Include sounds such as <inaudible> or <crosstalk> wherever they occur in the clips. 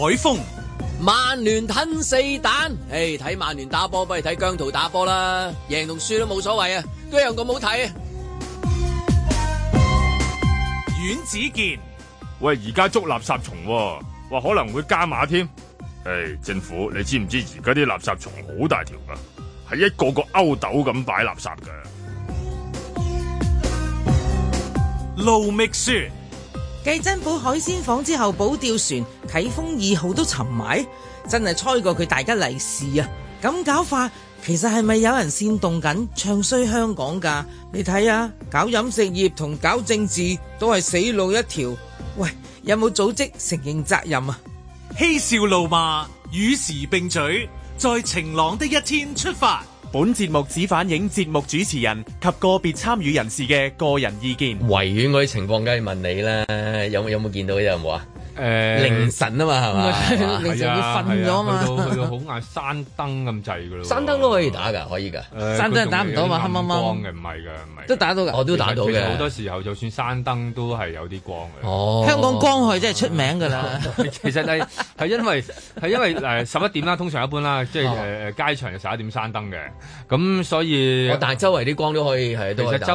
海風，曼聯吞四蛋，誒，睇曼聯打波不如睇姜濤打波啦，贏同輸都冇所謂啊，都一樣咁好睇啊。阮子健，喂，而家捉垃圾蟲啊，話可能會加碼添。誒，政府，你知唔知而家啲垃圾蟲好大條噶啊，係一個個勾斗咁擺垃圾㗎。盧覓雪。繼珍寶海鮮舫之後，保釣船啟豐二號都沉埋，真係猜過佢大吉利是啊！咁搞法，其實係咪有人煽動緊唱衰香港噶？你睇啊，搞飲食業同搞政治都係死路一條。喂，有冇組織承認責任啊？嬉笑怒罵與時並舉，在晴朗的一天出發。本節目只反映節目主持人及個別參與人士嘅個人意見，維園嗰啲情況梗係問你啦，有有冇見到有冇呀？誒、呃、凌晨啊嘛，係嘛？ <laughs> 凌晨要瞓咗嘛、啊啊啊，去到去到好嗌山燈咁滯噶啦。山燈都可以打㗎，可以㗎。山燈打唔到嘛，黑掹掹光嘅，唔係㗎，唔係、哦。都打到㗎，我都打到嘅。好多時候就算山燈都係有啲光嘅。哦，香港光害真係出名㗎啦。 <laughs> 其實咧係因為係因為誒十一點啦，通常一般啦，即係誒、哦、街場就十一點山燈嘅。咁所以，但係周圍啲光都可以係都係都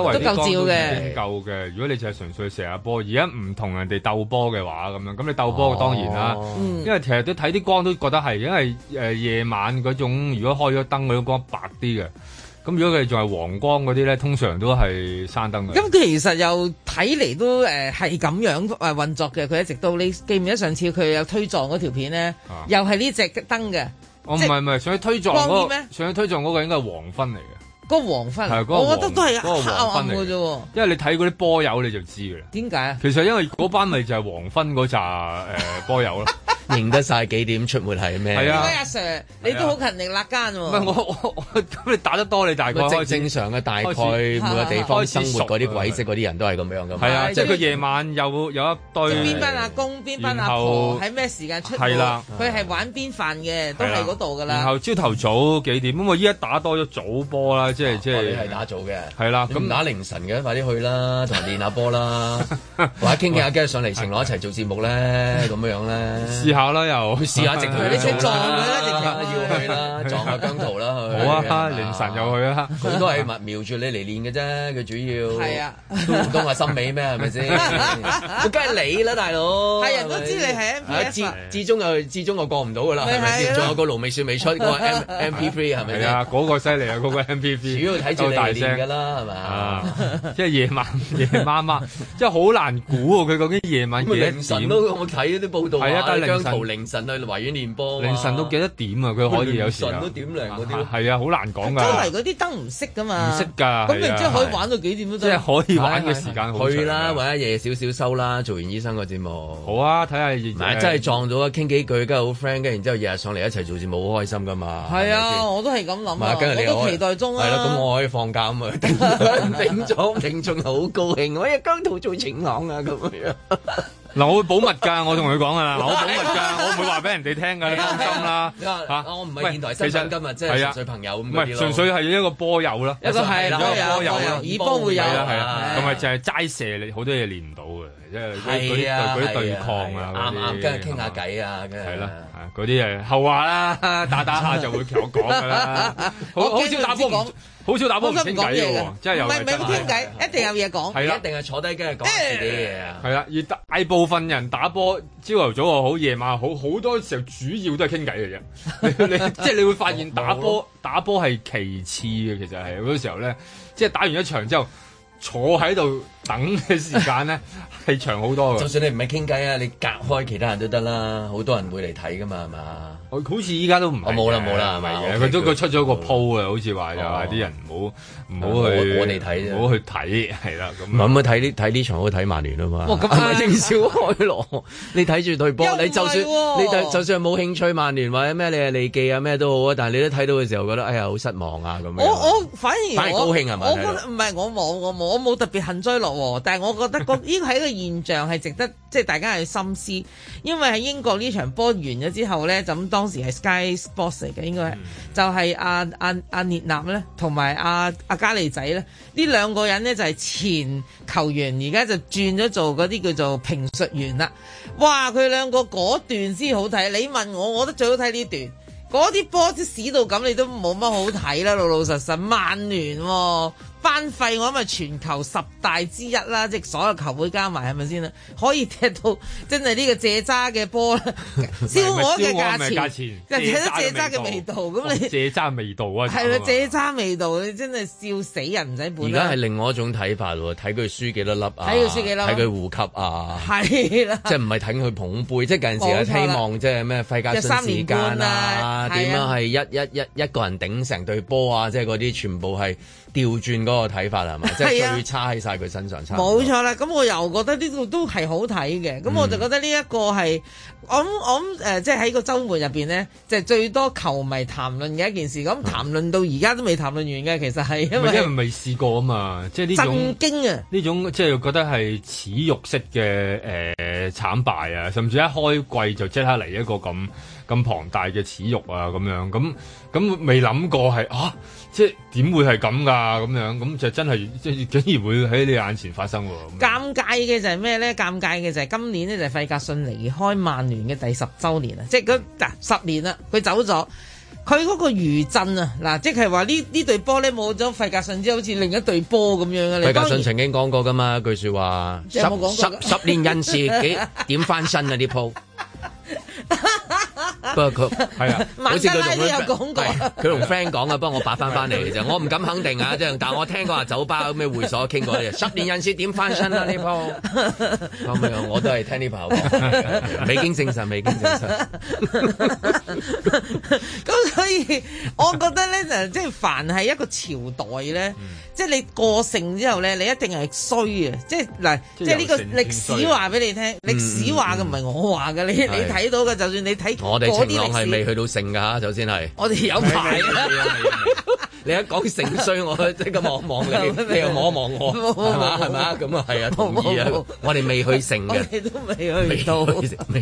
夠嘅，如果你就係純粹射下波，而家唔同人哋鬥波嘅話咁樣咁鬥波當然啦，因為其實都睇啲光都覺得係，因為誒夜晚嗰種如果開咗燈嗰種光白啲嘅，咁如果佢仲係黃光嗰啲咧，通常都係閂燈嘅。咁、嗯、其實又睇嚟都誒係咁樣誒運作嘅。佢一直都，你記唔記得上次佢有推撞嗰條片咧，啊、又係呢隻燈嘅。哦、啊，唔係唔係，想去推撞嗰、那個，上咗推撞嗰個應該係黃昏嚟嘅。嗰個黃昏嚟，那個、我覺得都係啊黃昏嚟啫，因為你睇嗰啲波友你就知嘅啦。點解啊？其實因為嗰班咪就係黃昏嗰扎誒波友囉。認得晒幾點出沒係咩？係啊，阿 Sir，你都好勤力辣班喎。唔係我我，咁你打得多，你大概正常嘅，大概每個地方生活嗰啲軌跡嗰啲人都係咁樣嘅。係啊，即係佢夜晚有有一堆。邊班阿公邊班阿婆喺咩時間出？係啦，佢係玩邊飯嘅都係嗰度㗎啦。然後朝頭早幾點咁，我依家打多咗早波啦，即係即係。我係打早嘅。係啦，咁打凌晨嘅快啲去啦，同人練下波啦，或者傾傾下偈上嚟，情攞一齊做節目咧，咁樣咧。下啦，又去試下直頭。你識撞嘅直頭要去啦，撞下姜濤啦。好啊，凌晨又去啦。佢都係瞄瞄住你嚟練嘅啫，佢主要。係啊，都唔通係心美咩？係咪先？梗係你啦，大佬。係人都知你係 MVP？至至終又至終又過唔到噶啦，係咪仲有個盧美雪未出個 M M P three，係咪啊，嗰個犀利啊，嗰個 M P 主要睇住你練㗎啦，係嘛？即係夜晚夜晚晚，即係好難估喎。佢究竟夜晚夜晚凌晨都有睇啲報道啊？係啊，凌晨去維園練波，凌晨都幾多點啊？佢可以有時凌晨都點亮嗰啲。係啊，好難講噶。周圍嗰啲燈唔熄噶嘛？唔熄㗎，咁即係可以玩到幾點都得。即係可以玩嘅時間去啦，或者夜少少收啦，做完醫生個節目。好啊，睇下。唔係，真係撞咗啊！傾幾句，跟住好 friend，跟住然之後日日上嚟一齊做節目，好開心㗎嘛！係啊，我都係咁諗。你可以期待中啊。係啦，咁我可以放假咁啊，頂咗，頂咗好高興，我日姜濤做晴朗啊，咁樣。嗱，我會保密噶，我同佢講㗎喇。嗱，我保密噶，我唔會話俾人哋聽噶，你放心啦。我唔係現代新人，今日即係純粹朋友，唔係純粹係一個波友啦，一個係啦，波友，以波會友。係啊係啊，咁埋就係齋射你，好多嘢練唔到㗎。係嗰啲對抗啊，啱啱跟住傾下偈啊，係啦，嗰啲啊後話啦，打打下就會同我講噶啦，好好少打波唔好少打波傾偈嘅喎，真係有嘢講，唔係唔傾偈，一定有嘢講，一定係坐低跟住講自己嘢啊，係啦，而大部分人打波朝頭早又好，夜晚好，好多時候主要都係傾偈嘅啫，即係你會發現打波打波係其次嘅，其實係好多時候咧，即係打完一場之後坐喺度。等嘅時間咧係長好多嘅，就算你唔係傾偈啊，你隔開其他人都得啦，好多人會嚟睇噶嘛，係嘛？好似依家都唔，我冇啦冇啦，係咪？佢都佢出咗個 po 啊，好似話又話啲人唔好唔好去，我哋睇，唔好去睇，係啦。咁係唔好睇呢睇呢場，好睇曼聯啊嘛。哇，咁係英超開鑼，你睇住隊波，你就算你就算冇興趣曼聯或者咩，你係利記啊咩都好啊，但係你都睇到嘅時候覺得哎呀好失望啊咁樣。我我反而反而高興係咪？我覺得唔係我冇，我冇我冇特別幸災樂。但係我覺得呢個係一個現象係值得即係、就是、大家去深思，因為喺英國呢場波完咗之後呢，就咁當時係 Sky Sports 嚟嘅，應該係就係阿阿阿涅納呢同埋阿阿加利仔呢，呢兩個人呢，就係前球員，而家就轉咗做嗰啲叫做評述員啦。哇！佢兩個嗰段先好睇，你問我，我都最好睇呢段。嗰啲波都屎到咁，你都冇乜好睇啦，老老實實。曼聯喎、哦。班費我咁全球十大之一啦，即係所有球會加埋係咪先啦？可以踢到真係呢個借渣嘅波啦， <laughs> 燒鵝嘅價錢，即係睇到借渣嘅味道咁你、哦。借渣味道啊，係啦吧，借渣味道，你真係笑死人唔使本。而家係另外一種睇法喎，睇佢輸幾多粒啊，睇佢輸幾粒睇佢呼吸啊，係啦，即係唔係睇佢捧杯，即係近時希望即係咩費加新之間啊，點、啊、樣係一一一、啊、一個人頂成隊波啊，即係嗰啲全部係。調轉嗰個睇法係嘛？即係最差喺晒佢身上差。冇錯啦，咁我又覺得呢度都係好睇嘅。咁我就覺得呢一個係、嗯，我諗我諗誒，即係喺個周末入面咧，即係最多球迷談論嘅一件事。咁談論到而家都未談論完嘅，其實係因為因為未試過啊嘛，即係呢種震驚啊！呢種即係覺得係恥辱式嘅誒慘敗啊，甚至一開季就即刻嚟一個咁。咁龐大嘅恥辱啊，咁樣咁咁未諗過係啊，即係點會係咁噶，咁樣咁就真係即係竟然會喺你眼前發生喎！尷尬嘅就係咩咧？尷尬嘅就係今年呢就費格遜離開曼聯嘅第十周年啊！即係嗰嗱十年啦，佢走咗，佢嗰個餘震啊嗱，即係話呢呢隊波咧冇咗費格遜，之後好似另一隊波咁樣啊！費格遜曾經講過噶嘛，句說話十,十,十年人事 <laughs> 幾點翻身啊？啲鋪。不過佢係啊，好似有仲都佢同 friend 講啊，幫我擺翻翻嚟嘅啫。我唔敢肯定啊，即係，但我聽講話酒吧咩會所傾過，十年人士點翻身啊？呢鋪。咁樣我都係聽呢鋪，未經證實，未經證實。咁所以我覺得咧就即係凡係一個朝代咧，即係你過盛之後咧，你一定係衰啊！即係嗱，即係呢個歷史話俾你聽，歷史話嘅，唔係我話嘅，你你睇到嘅，就算你睇情郎係未去到成噶，首先係我哋有排啦。你一講成衰，我即刻望望你，你又望一望我，係嘛？係咪咁啊？係啊，同意啊。我哋未去成嘅，都未去到成，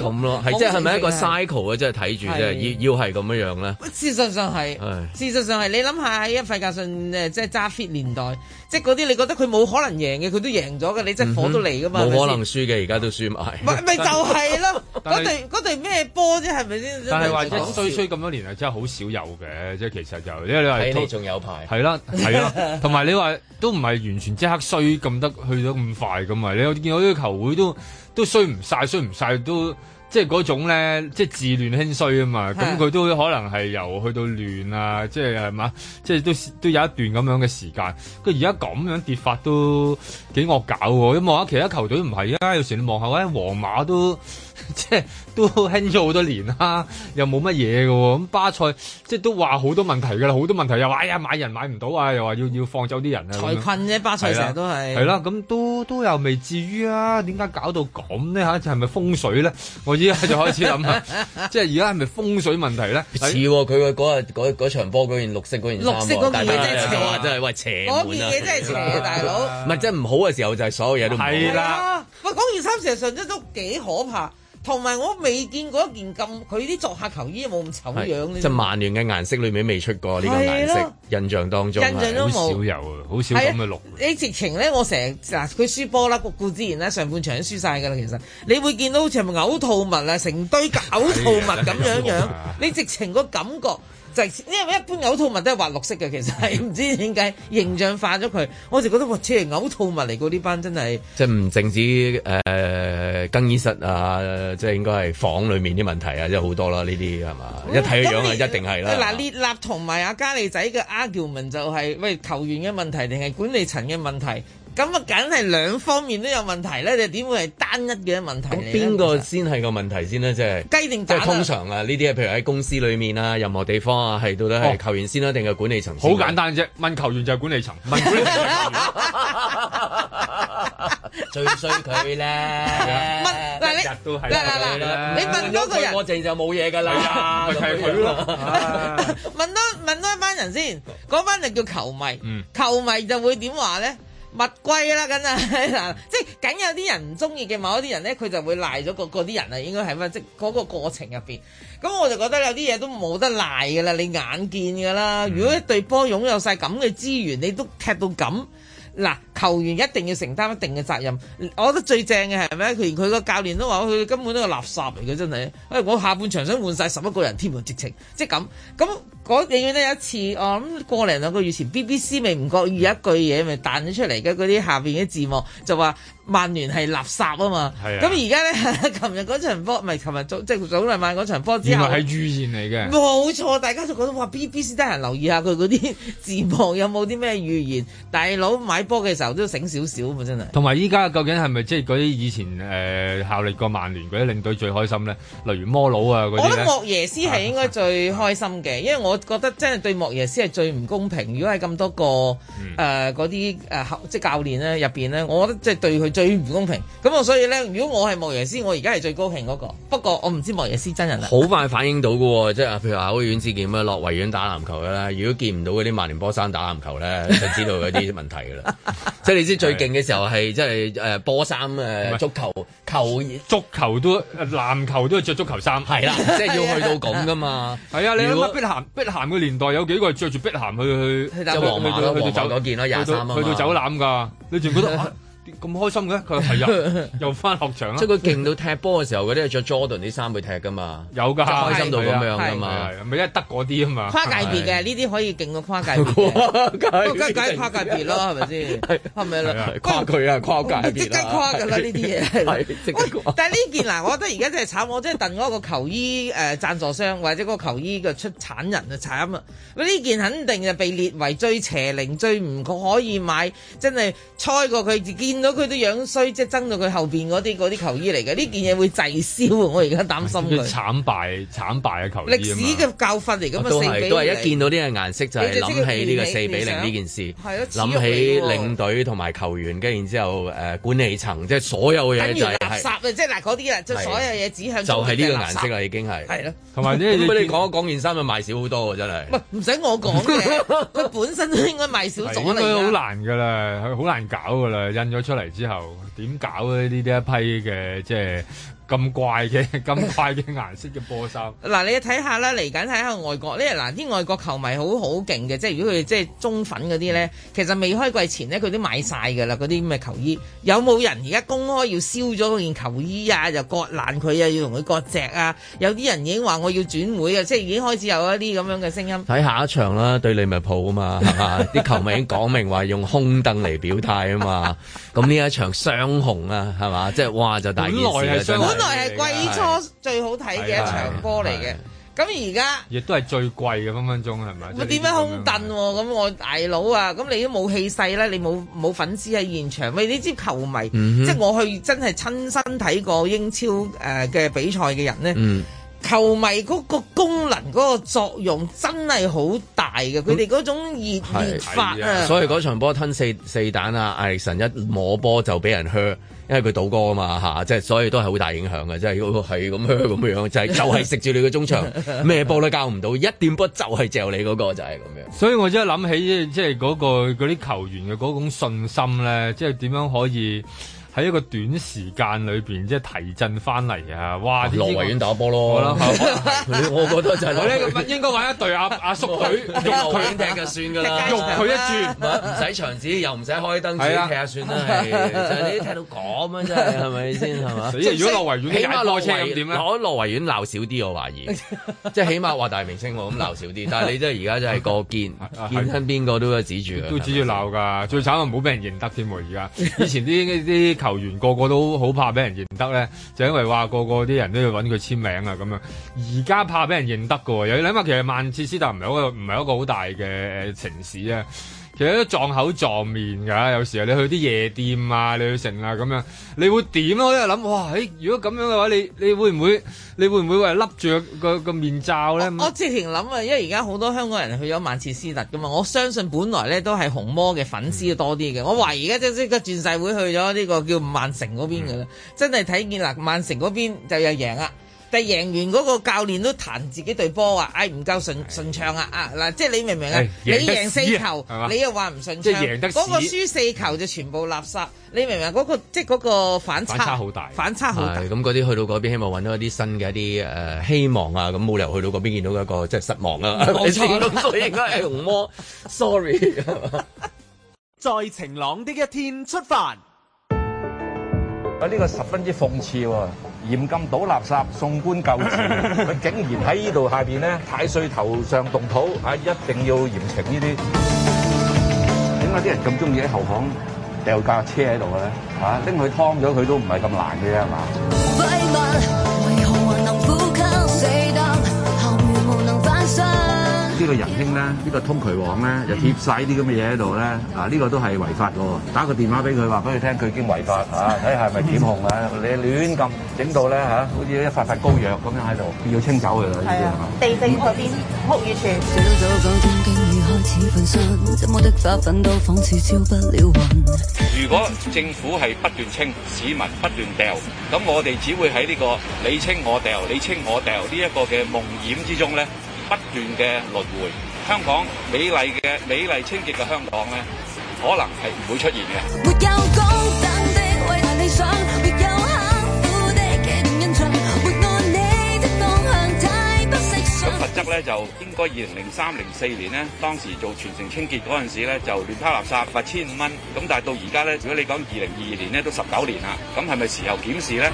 咁咯。係即係咪一個 cycle 啊？即係睇住，即係要要係咁樣樣咧。事實上係，事實上係，你諗下喺一份教信誒，即係揸 fit 年代。即嗰啲，你覺得佢冇可能贏嘅，佢都贏咗嘅，你即火都嚟噶嘛？冇、嗯、哼可能輸嘅，而家都輸埋。咪是 <laughs> 就係咯，嗰隊嗰咩波啫，係咪先？是是但係是話真衰衰咁多年係真係好少有嘅，即係其實就因為、就是、你話係你仲有排。係啦係啦，同埋 <laughs> 你話都唔係完全即刻衰咁得去到咁快咁咪，你有見到呢個球會都都衰唔晒，衰唔晒都。即係嗰種咧，即係自亂輕衰啊嘛，咁佢的都可能係由去到亂啊，即係係嘛，即係都都有一段咁樣嘅時間。佢而家咁樣跌法都幾惡搞喎，你望下其他球隊唔係啊，有時你望下喂，皇馬都。即係 <laughs> 都興咗好多年啦，又冇乜嘢嘅咁巴塞，即係都話好多問題噶啦，好多問題又話哎呀買人買唔到啊，又話要要放走啲人啊，財困啫巴塞成日都係係啦，咁都都又未至於啊，點解搞到咁呢吓？係咪風水咧？我依家就開始諗下， <laughs> 即係而家係咪風水問題咧？似佢個嗰日嗰嗰場波嗰件綠色嗰件，綠色嗰件真係邪啊！啊真係喂邪，嗰件嘢真係邪，大佬唔係真係唔好嘅時候就係所有嘢都係啦。喂的，講件衫成日，實質都幾可怕。同埋我未見過一件咁，佢啲作客球衣冇咁醜樣呢。即就曼聯嘅顏色裏面未出過呢的個顏色，印象當中印象都冇，好少有，好少咁嘅綠。你直情咧，我成日嗱佢輸波啦，局固之然啦，上半場都輸晒㗎啦。其實你會見到好似係咪嘔吐物啊，成堆嘔吐物咁樣 <laughs> 樣。 <laughs> 你直情個感覺。就是、因為一般嘔吐物都係畫綠色嘅，其實係唔知點解形象化咗佢， <laughs> 我就覺得哇，似係嘔吐物嚟。過呢班真係即係唔淨止誒、呃、更衣室啊，即係應該係房裡面啲問題啊，即係好多啦，呢啲係嘛？嗯、一睇個樣啊、嗯，一定係啦。嗱、嗯，列納同埋阿嘉利仔嘅 argument 就係、是、喂球員嘅問題定係管理層嘅問題？咁啊，梗係兩方面都有問題咧，你點會係單一嘅問題嚟？邊個先係個問題先咧？即係雞定即係通常啦，呢啲啊，譬如喺公司裏面啊，任何地方啊，係到底係球員先啦，定係管理層先？哦，好簡單啫，問球員就係管理層，問管理層就係球員 <laughs> <laughs> 最衰佢咧。 <laughs> 問嗱你，嗱嗱嗱，你問嗰個人，我哋就冇嘢噶啦。係問多問多一班人先，嗰 <laughs> 班就叫球迷。嗯，球迷就會點話咧？物歸啦，梗係， <laughs> 即係梗有啲人唔中意嘅某一啲人咧，佢就會賴咗個嗰啲人啊，應該係咩？即係嗰、嗰個過程入邊，咁我就覺得有啲嘢都冇得賴噶啦，你眼見噶啦。嗯、如果一隊波擁有晒咁嘅資源，你都踢到咁。嗱，球員一定要承擔一定嘅責任，我覺得最正嘅係咩？佢連佢個教練都話，佢根本都係垃圾嚟嘅，真係。我下半場想換晒十一個人添，直情即係咁。咁我永遠都有一次，我諗過嚟兩個月前，BBC 未唔覺意，有一句嘢咪彈咗出嚟嘅，嗰啲下面嘅字幕就話。曼聯係垃圾啊嘛，咁而家咧，琴日嗰場波咪琴日即係早兩晚嗰場波之後係預言嚟嘅，冇錯，大家就覺得話 B B C 得閒留意下佢嗰啲字幕有冇啲咩預言，大佬買波嘅時候都要醒少少真係。同埋依家究竟係咪即係嗰啲以前誒、呃、效力過曼聯嗰啲領隊最開心咧？例如摩佬啊嗰啲，我覺得莫耶斯係應該最開心嘅， <laughs> 因為我覺得真係對莫耶斯係最唔公平。如果係咁多個誒嗰啲即係教練咧入邊咧，我覺得即係對佢。最唔公平咁啊！所以咧，如果我係莫耶斯，我而家係最高興嗰個。不過我唔知莫耶斯真人啦。好快反應到㗎喎，即係譬如阿許遠見咩，落維園打籃球啦，如果見唔到嗰啲曼聯波衫打籃球咧，就知道有啲問題㗎啦。即係你知最勁嘅時候係即係波衫足球球足球都籃球都係着足球衫，係啦，即係要去到咁㗎嘛。係啊，你諗下碧咸碧咸嘅年代有幾個係着住碧咸去去即係皇馬去到走嗰件啦，廿三去到走腩㗎，你仲覺得？咁開心嘅，佢又又翻學場，即係佢勁到踢波嘅時候，嗰啲係着 Jordan 啲衫去踢噶嘛，有㗎，開心到咁樣㗎嘛，咪因為得嗰啲啊嘛，跨界別嘅呢啲可以勁過跨界別，跨界跨界跨界別咯，係咪先？係咪啦？跨啊，跨界別即刻跨㗎啦！呢啲嘢但係呢件嗱，我覺得而家真係慘，我真係戥嗰個球衣誒贊助商或者個球衣嘅出產人啊慘啊！呢件肯定就被列為最邪靈、最唔可以買，真係猜過佢自見到佢啲樣衰，即係憎到佢後面嗰啲啲球衣嚟嘅，呢件嘢會滯銷，我而家擔心佢。慘敗，慘敗嘅球衣歷史嘅教訓嚟，咁啊都係一見到呢個顏色就係諗起呢個四比零呢件事。係諗起領隊同埋球員，跟住然後之後、呃、管理層，即係所有嘢就係啲所有嘢指向就係呢、就係、個顏色啦，已經係。同埋咧。咁你講一講件衫賣賣少好多真係。唔使我講佢 <laughs> 本身應應該賣少咗啦。好難㗎啦，係好難搞㗎啦，印咗。出嚟之後點搞呢？呢啲一批嘅即係，就是咁怪嘅，咁怪嘅顏色嘅波衫。嗱、 <laughs> 啊，你睇下啦，嚟緊睇下外國呢？嗱，啲外國球迷好好勁嘅，即係如果佢即係中粉嗰啲咧，其實未開季前咧，佢都買晒㗎啦，嗰啲咁嘅球衣。有冇人而家公開要燒咗件球衣啊？就割爛佢啊！要同佢割席啊？有啲人已經話我要轉會啊！即係已經開始有一啲咁樣嘅聲音。睇下一場啦，對利物浦啊嘛，係嘛？ <laughs> 啲球迷已經講明話用空凳嚟表態啊嘛。咁呢 <laughs> 一場雙紅啊，係嘛？即係哇，就大本來係季初最好睇嘅一場波嚟嘅，咁而家亦都係最貴嘅分分鐘係咪？點樣空凳喎？咁的我大佬啊，咁你都冇氣勢啦，你冇冇粉絲喺現場？喂，你知球迷，嗯、哼即係我去真係親身睇過英超誒嘅、呃、比賽嘅人咧，嗯、球迷嗰個功能嗰、嗰個作用真係好大嘅，佢哋嗰種熱的熱發啊，所以嗰場波吞四四蛋啊，艾力的神一摸波就俾人 hurt。因為佢賭歌啊嘛吓，即係所以都係好大影響嘅，即係係咁樣咁樣，就係就係食住你個中場，咩波 <laughs> 都教唔到，一點波就係嚼你嗰、嗰個就係、係、咁樣。所以我真係諗起即係嗰個嗰啲球員嘅嗰種信心咧，即係點樣可以？喺一個短時間裏邊，即係提振翻嚟啊！哇，落維園打波咯，我覺得就係應該玩一隊阿阿叔隊入維園踢就算噶啦，用佢一轉唔使場紙，又唔使開燈，踢下算啦。就係你踢到咁啊，真係係咪先係嘛？即係如果落維園，起碼落車又點咧？我落維園鬧少啲，我懷疑即係起碼話大明星咁鬧少啲。但係你真係而家真係個見見身邊個都指住啦，都指住鬧㗎。最慘就冇俾人認得添喎！而家以前啲啲。球員個個都好怕俾人認得咧，就因為話個個啲人都要揾佢簽名啊咁樣。而家怕俾人認得嘅喎，有啲諗話其實曼徹斯特唔係一個唔係一個好大嘅誒城市啊。其實都撞口撞面㗎，有時候你去啲夜店啊、旅城啊咁樣，你會點咯，啊？我喺度諗，哇！如果咁樣嘅話，你你會唔會你會唔會話笠住個個面罩咧？我之前諗啊，因為而家好多香港人去咗曼徹斯特㗎嘛，我相信本來咧都係紅魔嘅粉絲多啲嘅。嗯、我懷疑而家即即個轉世會去咗呢個叫曼城嗰邊㗎啦，嗯、真係睇見啦曼城嗰邊就有贏啦。但係贏完嗰個教練都彈自己隊波啊！哎，唔夠順順暢啊！哎、啊，嗱，即係你明唔明啊？哎、贏，你贏四球，啊、你又話唔順暢，嗰個輸四球就全部垃圾。你明唔明、啊？嗰、那個即係嗰個反差好大，大，反差好大。咁嗰啲去到嗰邊，希望搵到一啲新嘅一啲誒、呃、希望啊！咁冇理由去到嗰邊見到一個即係失望啊！講錯咗，應該係紅魔。Sorry。再晴朗啲嘅一天出發。啊！呢、這個十分之諷刺喎、啊。嚴禁倒垃圾、送官究治，佢 <laughs> 竟然喺呢度下邊咧，太歲頭上動土，嚇一定要嚴懲呢啲。點解啲人咁鍾意喺後巷掉架車喺度咧？嚇、啊，拎佢劏咗佢都唔係咁難嘅啫，係嘛？ <music> 呢個仁兄咧，呢個通渠王咧，就貼曬啲咁嘅嘢喺度咧，嗱呢個都係違法嘅，打個電話俾佢話俾佢聽，佢已經違法嚇，睇下係咪檢控啊？你亂噉，整到咧嚇，好似一塊塊膏藥咁樣喺度，要清走佢啦。係啊，地正在邊，哭與笑。如果政府係不斷清，市民不斷掉，咁我哋只會喺呢個你清我掉，你清我掉呢一個嘅夢魘之中咧。不斷嘅輪迴，香港美麗嘅美麗清潔嘅香港咧，可能係唔會出現嘅。咁罰則咧就應該二零零三、零四年咧，當時做全城清潔嗰陣時咧，就亂拋垃圾罰千五蚊。咁但係到而家咧，如果你講二零二二年咧都十九年啦，咁係咪時候檢視咧？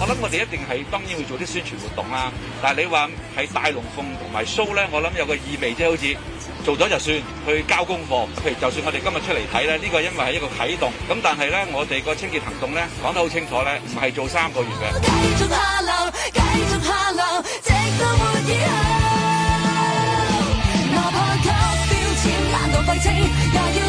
我諗我哋一定係當然要做啲宣傳活動啦，但係你話喺大龍鳳同埋 show 咧，我諗有個意味啫，即係、好似做咗就算，去交功課。譬如就算我哋今日出嚟睇咧，呢、呢個因為係一個啟動，咁但係咧我哋個清潔行動咧講得好清楚咧，唔係做三個月嘅。繼續下流，繼續下流，直到以後。哪怕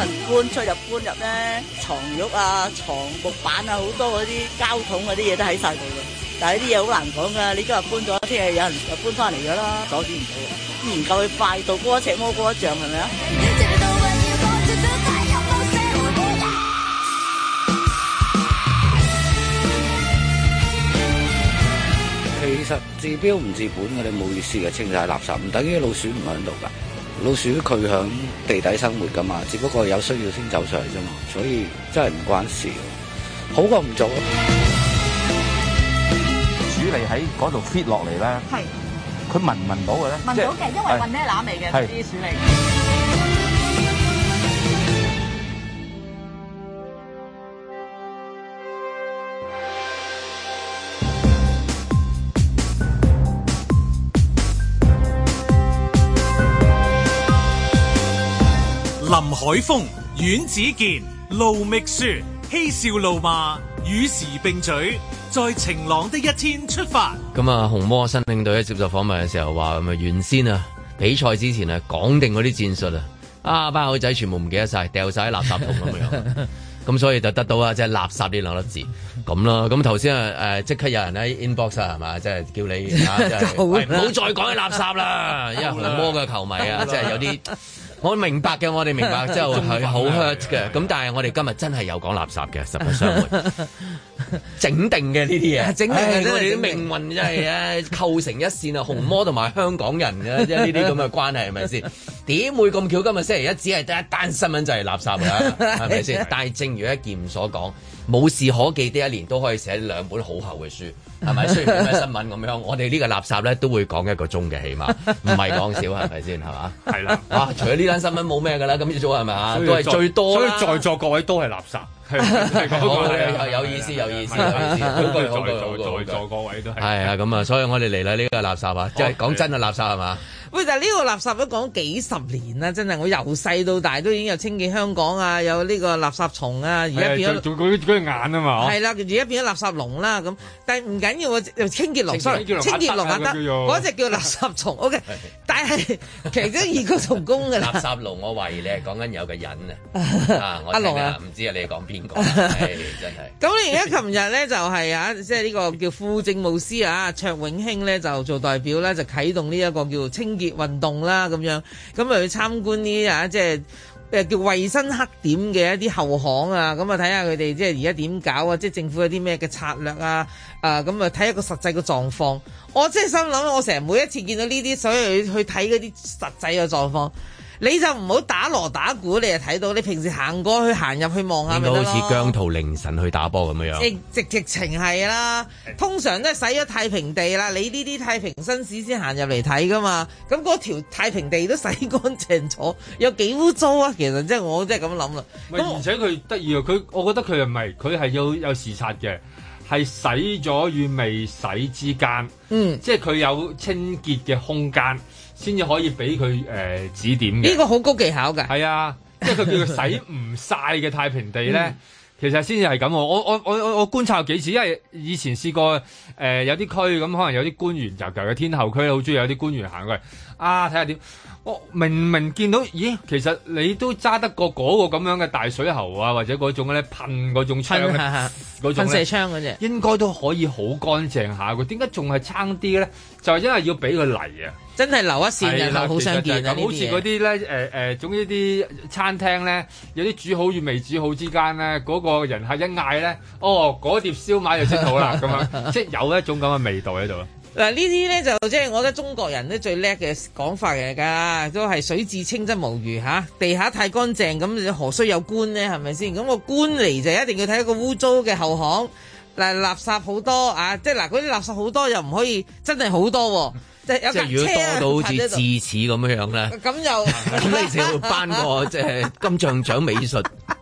搬出入搬入咧，床褥啊、床木板啊，好多嗰啲膠桶嗰啲嘢都喺晒度嘅。但係啲嘢好難講噶，你今日搬咗，聽日有人又搬翻嚟咗啦，阻止唔到。唔夠佢快到，道高一尺，魔高一丈，係咪啊？其實治標唔治本的，我哋冇意思嘅，清晒垃圾唔等於老鼠唔響度噶。老鼠佢響地底生活噶嘛，只不過有需要先走上嚟啫嘛，所以真係唔關事。好過唔做。鼠嚟喺嗰度 fit 落嚟咧，係，佢聞唔聞到嘅咧？聞到嘅，因為聞咩喇味嘅啲鼠嚟。林海峰、阮子健、盧覓雪嬉笑怒罵，與時並舉，在晴朗的一天出發。咁啊，紅魔新領隊喺接受訪問嘅時候話：咁啊，原先啊比賽之前啊講定嗰啲戰術啊，啊班友仔全部唔記得晒，掉晒喺垃圾桶咁樣。 <laughs> 咁、嗯、所以就得到、嗯呃、box，啊，即係 <laughs> 好了 垃圾呢兩粒字咁咯。咁頭先啊，即刻有人喺 inbox 係嘛，即係叫你啊，唔好再講垃圾啦，因為紅魔嘅球迷啊， <laughs> 即係有啲我明白嘅，我哋明白 <laughs> 即係佢好 hurt 嘅。咁 <laughs> 但係我哋今日真係有講垃圾嘅，實不相瞞。 <laughs> 整定嘅呢啲嘢，整定嘅，因、哎、你啲命運真係啊構成一線啊，紅魔同埋香港人嘅、啊，即係呢啲咁嘅關係係咪先？點 <laughs> 會咁巧？今日星期一只係得一單新聞就係垃圾啦、啊，係咪先？ <laughs> 但係正如一劍所講。冇事可記的一年都可以寫兩本好厚嘅書，係咪？雖然冇咩新聞咁樣，我哋呢個垃圾咧都會講一個鐘嘅，起碼唔係講少係咪先？係嘛？係啦，啊除咗呢單新聞冇咩㗎啦，今朝早係咪啊？都係最多。所以在座各位都係垃圾，係咪？係有意思，有意思，有意思。好句在座各位都係係係咁啊！所以我哋嚟啦，呢個垃圾啊，即係講真嘅垃圾係嘛？喂，就係呢個垃圾都講幾十年啦，真係我由細到大都已經有清潔香港啊，有呢個垃圾蟲啊，而家變咗佢眼啊嘛，係啦，而家變咗垃圾龍啦咁，但係唔緊要啊，清潔龍，所以清潔龍得，嗰隻叫垃圾蟲。OK，但係其實異曲同工嘅垃圾龍，我懷疑你係講緊有個人啊，阿龍啊，唔知啊，你係講邊個？係真係。咁你而家琴日咧就係啊，即係呢個叫副政務司啊，卓永興咧就做代表咧就啟動呢一個叫清運動啦咁樣，咁啊去參觀啲啊即係誒叫衛生黑點嘅一啲後巷啊，咁啊睇下佢哋即係而家點搞啊，即係政府有啲咩嘅策略啊，啊咁啊睇一個實際嘅狀況。我真係心諗，我成日每一次見到呢啲，所以去睇嗰啲實際嘅狀況。你就唔好打鑼打鼓，你就睇到。你平時行過去行入去望下，咪應該好似姜濤凌晨去打波咁樣。直直直情係啦，通常都係洗咗太平地啦。你呢啲太平紳士先行入嚟睇噶嘛，咁嗰條太平地都洗乾淨咗，有幾污糟啊？其實即係我即係咁諗啦。而且佢得意啊，佢我覺得佢又唔係，佢係有有視察嘅，係洗咗與未洗之間，嗯，即係佢有清潔嘅空間。先至可以俾佢誒指點嘅，呢個好高技巧㗎。係啊，即係佢叫佢洗唔晒嘅太平地咧， <laughs> 其實先至係咁。我我我我我觀察幾次，因為以前試過誒、呃、有啲區咁，可能有啲官員就嚿嘅天后區，好中意有啲官員行過嚟啊，睇下點。我明明見到，咦，其實你都揸得過嗰個咁樣嘅大水喉啊，或者嗰種咧噴嗰種槍噴射槍嗰啫。應該都可以好乾淨下。佢點解仲係撐啲咧？就係因為要俾佢嚟。啊。真係留一線人好的相見好似嗰啲咧，誒、呃呃、總之啲餐廳咧，有啲煮好與未煮好之間咧，嗰、那個人客一嗌咧，哦，嗰碟燒賣就好 <laughs> 即好啦，咁樣即係有一種咁嘅味道喺度。嗱，呢啲咧就即、是、係我覺得中國人咧最叻嘅講法嚟㗎，都係水至清則無魚嚇、啊，地下太乾淨咁，何須有官咧？係咪先？咁、那個官嚟就一定要睇一個污糟嘅後巷，嗱、啊、垃圾好多啊！即係嗱嗰啲垃圾好多又唔可以，真係好多喎、啊。 <laughs> 啊、即係如果多到好似字紙咁樣樣咧，咁又咁你成日會頒個即係金像獎美術。 <laughs>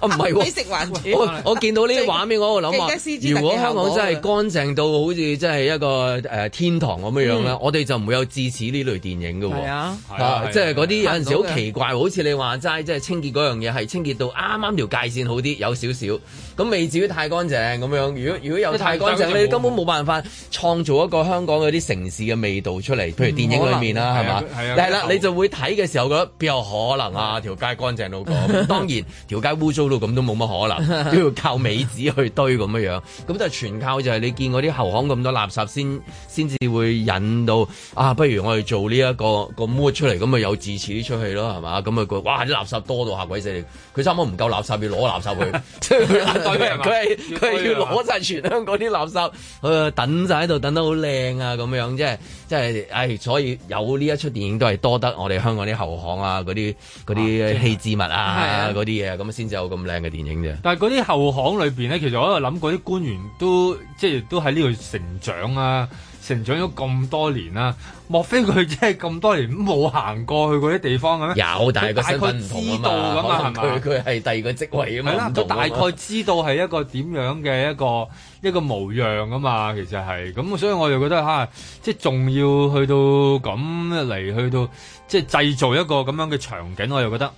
我唔係喎，我見到呢啲畫面，我諗啊，如果香港真係乾淨到好似真係一個誒天堂咁樣啦，我哋就唔會有至此呢類電影嘅喎。即係嗰啲有陣時好奇怪，好似你話齋，即係清潔嗰樣嘢係清潔到啱啱條界線好啲，有少少咁未至於太乾淨咁樣。如果如果有太乾淨，你根本冇辦法創造一個香港嗰啲城市嘅味道出嚟，譬如電影裏面啦，係嘛？係啦，你就會睇嘅時候覺得邊有可能啊？條街乾淨到咁，當然街污糟到咁都冇乜可能，都要靠美紙去堆咁樣樣，咁就係全靠就係你見嗰啲後巷咁多垃圾先，先至會引到啊！不如我哋做呢、這、一個個 move 出嚟，咁咪有支持呢出戲咯，係嘛？咁咪個哇啲垃圾多到嚇鬼死你！佢差唔多唔夠垃圾，要攞垃圾去佢佢係佢係要攞晒全香港啲垃圾，佢等晒喺度，等得好靚啊！咁樣即係即係唉，所以有呢一出電影都係多得我哋香港啲後巷啊，嗰啲嗰啲棄置物啊，嗰啲嘢咁。先至有咁靚嘅電影啫。但係嗰啲後巷裏邊咧，其實我喺度諗，嗰啲官員都即係都喺呢度成長啊，成長咗咁多年啊，莫非佢即係咁多年冇行過去嗰啲地方嘅咩？有，但係個身份唔同啊嘛。可能佢佢係第二個職位啊嘛。係啦，佢大概知道係一個點樣嘅一個 <laughs> 一個模樣啊嘛。其實係咁，所以我又覺得嚇、啊，即係仲要去到咁嚟去到，即係製造一個咁樣嘅場景，我又覺得。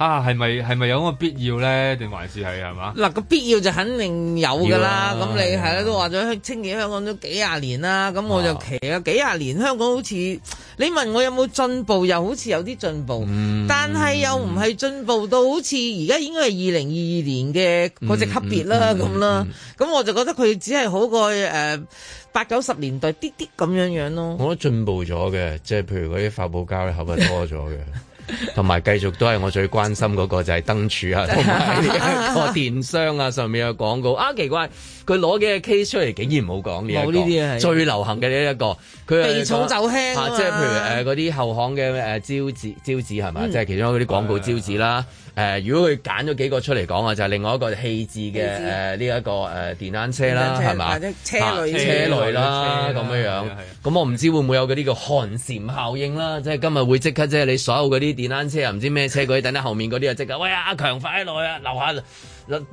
啊，係咪係咪有咁嘅必要咧？定還是係係嘛？嗱，個必要就肯定有㗎啦。咁、啊、你係啦，啊、都話咗清潔香港都幾廿年啦。咁我就騎咗哇幾廿年香港好，好似你問我有冇進步，又好似有啲進步，嗯、但係又唔係進步到好似而家應該係二零二二年嘅嗰隻級別啦咁、嗯嗯嗯、啦。咁、嗯嗯、我就覺得佢只係好過誒八九十年代啲啲咁樣樣咯。我覺得進步咗嘅，即係譬如嗰啲發泡膠咧，後咪多咗嘅。同埋 <laughs> 繼續都係我最關心嗰個就係燈柱啊，同埋個電箱啊，上面有廣告啊，奇怪。佢攞嘅 case 出嚟，竟然冇講嘢。冇呢啲啊，最流行嘅呢一個。避重就輕，即係譬如誒嗰啲後巷嘅誒招紙、招紙係嘛，即係其中嗰啲廣告招紙啦。誒，如果佢揀咗幾個出嚟講啊，就係另外一個氣質嘅誒呢一個誒電單車啦，係嘛？車類、車類啦咁樣樣。咁我唔知會唔會有嗰啲叫寒蟬效應啦，即係今日會即刻即係你所有嗰啲電單車啊，唔知咩車嗰啲，等你後面嗰啲啊即刻喂，阿強快啲落去啊，留下。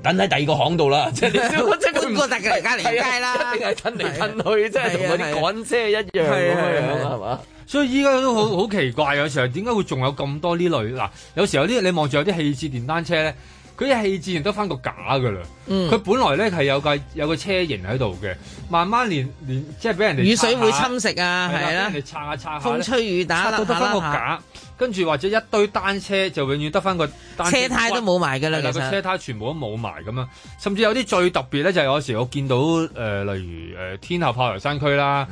等喺第二個巷度啦，即係搬過嚟家嚟街啦，一定係進嚟進去，即係同嗰啲趕車一樣咁樣嘛？所以依家都好好奇怪，有時候點解會仲有咁多呢類嗱，啊？有時候有啲你望住有啲汽車電單車咧。佢嘅氣自然得翻個假噶啦，佢本來咧係有個有個車型喺度嘅，慢慢連連即係俾人哋雨水會侵蝕啊，係啦，俾人撐下撐下，風吹雨打得翻個假，跟住或者一堆單車就永遠得翻個單車胎都冇埋噶啦，就係個車胎全部都冇埋咁啊？甚至有啲最特別咧就係有時我見到誒，例如天後炮台山區啦，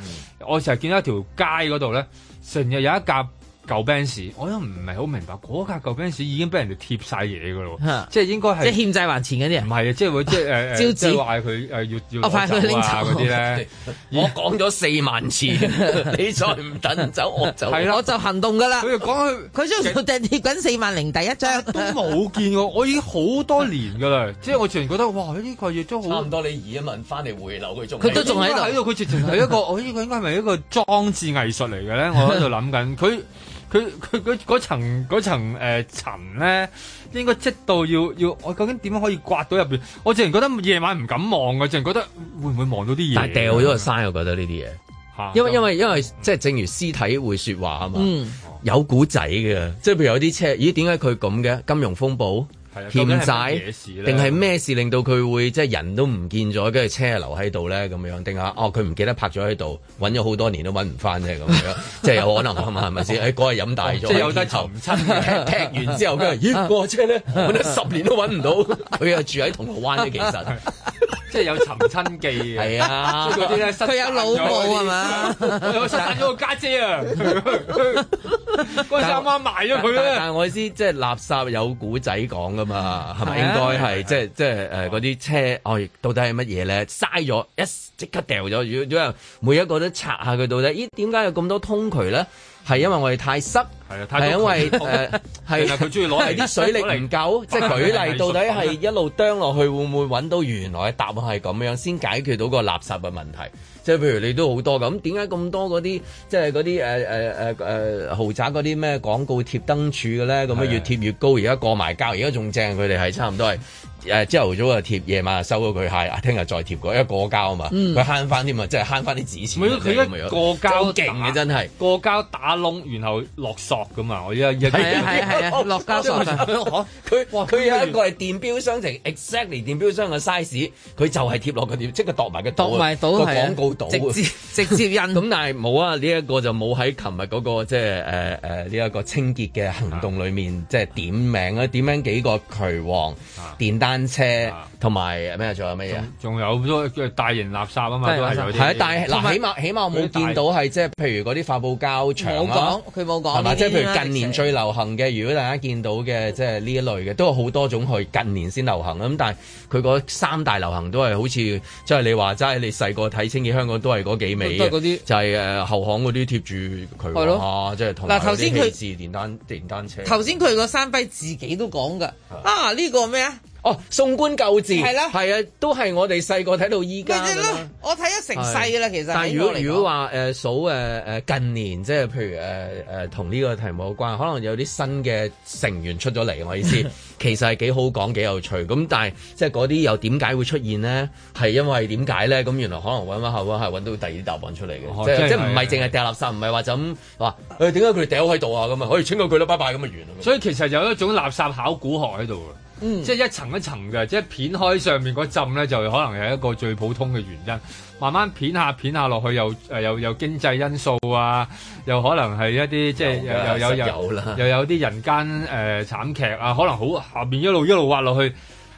我成日見到一條街嗰度咧，成日有一架。舊 Ben 士，我都唔係好明白，嗰架舊 Ben 士已經俾人哋貼晒嘢嘅咯，即係應該係即係欠債還錢嗰啲人，唔係啊，即係會即係即係話佢誒要要啊，派嗰啲咧。我講咗四萬次，你再唔等走，我就係啦，我就行動㗎啦。佢講佢佢張圖第貼緊四萬零第一張都冇見喎，我已經好多年㗎啦。即係我完全覺得哇，呢個嘢都好多。你而家問翻嚟回流佢佢都仲喺度。佢直情係一個，我依個應該係咪一個裝置藝術嚟嘅咧？我喺度諗緊佢。佢佢嗰嗰層嗰層誒層咧，應該即到要要，我究竟點樣可以刮到入面？我仲係覺得夜晚唔敢望我仲係覺得會唔會望到啲嘢、啊？但係掉咗個山，我覺得呢啲嘢，因為、啊、因為、嗯、因為即係正如屍體會說話啊嘛，嗯、有古仔嘅，哦、即係譬如有啲車，咦點解佢咁嘅金融風暴？欠債定係咩事令到佢會即係人都唔見咗，跟住車留喺度咧咁樣？定下哦，佢唔記得泊咗喺度，搵咗好多年都搵唔翻啫咁樣，即係 <laughs> 有可能啊嘛？係咪先？喺嗰日飲大咗，即係有得投唔親，踢踢完之後，跟住咦，過車咧搵咗十年都搵唔到，佢 <laughs> 又住喺銅鑼灣嘅其實。 <laughs> 即係有尋親記嘅，係啊，嗰啲咧，佢有老婆係嘛？我又失散咗個家姐啊，嗰陣啱啱埋咗佢咧。但係我意思即係垃圾有古仔講㗎嘛，係咪應該係即係即係誒嗰啲車？哦，到底係乜嘢咧？嘥咗一即刻掉咗，如果每一個都拆下佢到底，咦？點解有咁多通渠咧？係因為我哋太塞，係啊，係因為誒係佢鍾意攞啲水力唔夠，即係舉例，到底係一路啄落去會唔會揾到原來嘅答案係咁樣先解決到個垃圾嘅問題？即係譬如你都好多咁，點解咁多嗰啲即係嗰啲誒誒誒誒豪宅嗰啲咩廣告貼燈柱嘅咧？咁啊越貼越高，而家過埋交，而家仲正佢哋係差唔多係。誒朝頭早啊貼，夜晚收咗佢係啊，聽日再貼過，因為過膠啊嘛，佢慳翻添嘛，即係慳翻啲紙錢。唔係佢過膠勁嘅真係，過膠打窿，然後落索噶嘛。我依家日落膠索佢，佢有一個係電錶箱，exactly 電錶箱嘅 size，佢就係貼落個即係度埋嘅度埋到係廣告度，直接直接印。咁但係冇啊，呢一個就冇喺琴日嗰個即係呢一個清潔嘅行動裡面，即係點名啊？點名幾個渠王單車同埋咩？仲有咩嘢？仲有咁多大型垃圾啊嘛，係但係嗱，起碼起碼我冇見到係即係譬如嗰啲化布膠牆咯。冇講，佢冇講係嘛？即係譬如近年最流行嘅，實如果大家見到嘅，即係呢一類嘅，都有好多種。佢近年先流行咁，但係佢嗰三大流行都係好似即係你話齋，你細個睇清嘅香港都係嗰幾味嘅，嗰啲就係誒後巷嗰啲貼住佢，係咯的，即係同嗰啲字電單電單車。頭先佢個山輝自己都講㗎的啊！呢個咩啊？哦，送官救治，係啦，係啊，都係我哋細個睇到依家咯。我睇咗成世啦，其實。但係如果如果話誒數誒誒近年，即係譬如誒誒同呢個題目有關，可能有啲新嘅成員出咗嚟，我意思其實係幾好講，幾有趣。咁但係即係嗰啲又點解會出現呢？係因為點解咧？咁原來可能揾揾下揾下揾到第二啲答案出嚟嘅，即係即係唔係淨係掉垃圾，唔係話就咁話誒點解佢哋掉喺度啊？咁啊可以請個佢啦，拜拜咁啊完。所以其實有一種垃圾考古學喺度。嗯，即係一層一層嘅，即係片開上面嗰陣咧，就可能係一個最普通嘅原因。慢慢片下片下落去，又誒又又，又有經濟因素啊，又可能係一啲即係了又有又，又有又有啲人間誒慘劇啊，可能好下邊一路一路挖落去，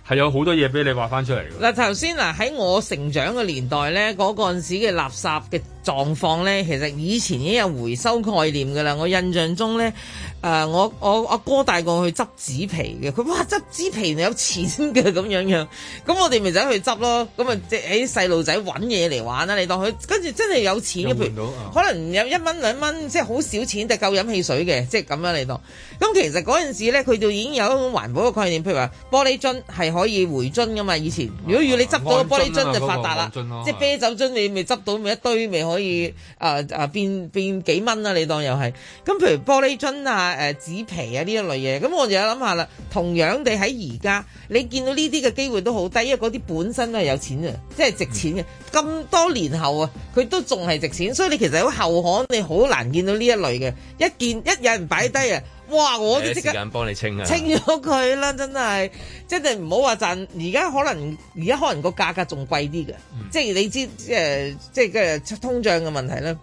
係有好多嘢俾你挖翻出嚟。嗱、啊，頭先嗱喺我成長嘅年代咧，嗰、那個陣時嘅垃圾嘅狀況咧，其實以前已經有回收概念噶啦。我印象中咧。誒、呃、我我阿哥帶我去執紙皮嘅，佢話執紙皮有錢嘅咁樣樣，咁我哋咪就去執咯，咁啊即係啲細路仔搵嘢嚟玩啦。你當佢跟住真係有錢嘅，譬如、嗯、可能有一蚊兩蚊，即係好少錢，但係夠飲汽水嘅，即係咁樣你當。咁其實嗰陣時咧，佢就已經有一種環保嘅概念，譬如話玻璃樽係可以回樽㗎嘛。以前如果要你執到個玻璃樽就發達啦，啊啊、即係啤酒樽你咪執到咪的一堆咪可以啊啊、呃、變變幾蚊啦、啊。你當又係咁，譬如玻璃樽啊。誒，紙皮啊呢一類嘢，咁我就有諗下啦。同樣地喺而家，你見到呢啲嘅機會都好低，因為嗰啲本身都係有錢嘅，即係值錢嘅。咁、嗯、多年後啊，佢都仲係值錢，所以你其實喺後巷，你好難見到呢一類嘅一見一有人擺低啊，嗯、哇！我都即刻幫你清啊，清咗佢啦，真係，真係唔好話賺。而家可能而家可能個價格仲貴啲嘅，即係你知，即係即係通脹嘅問題啦。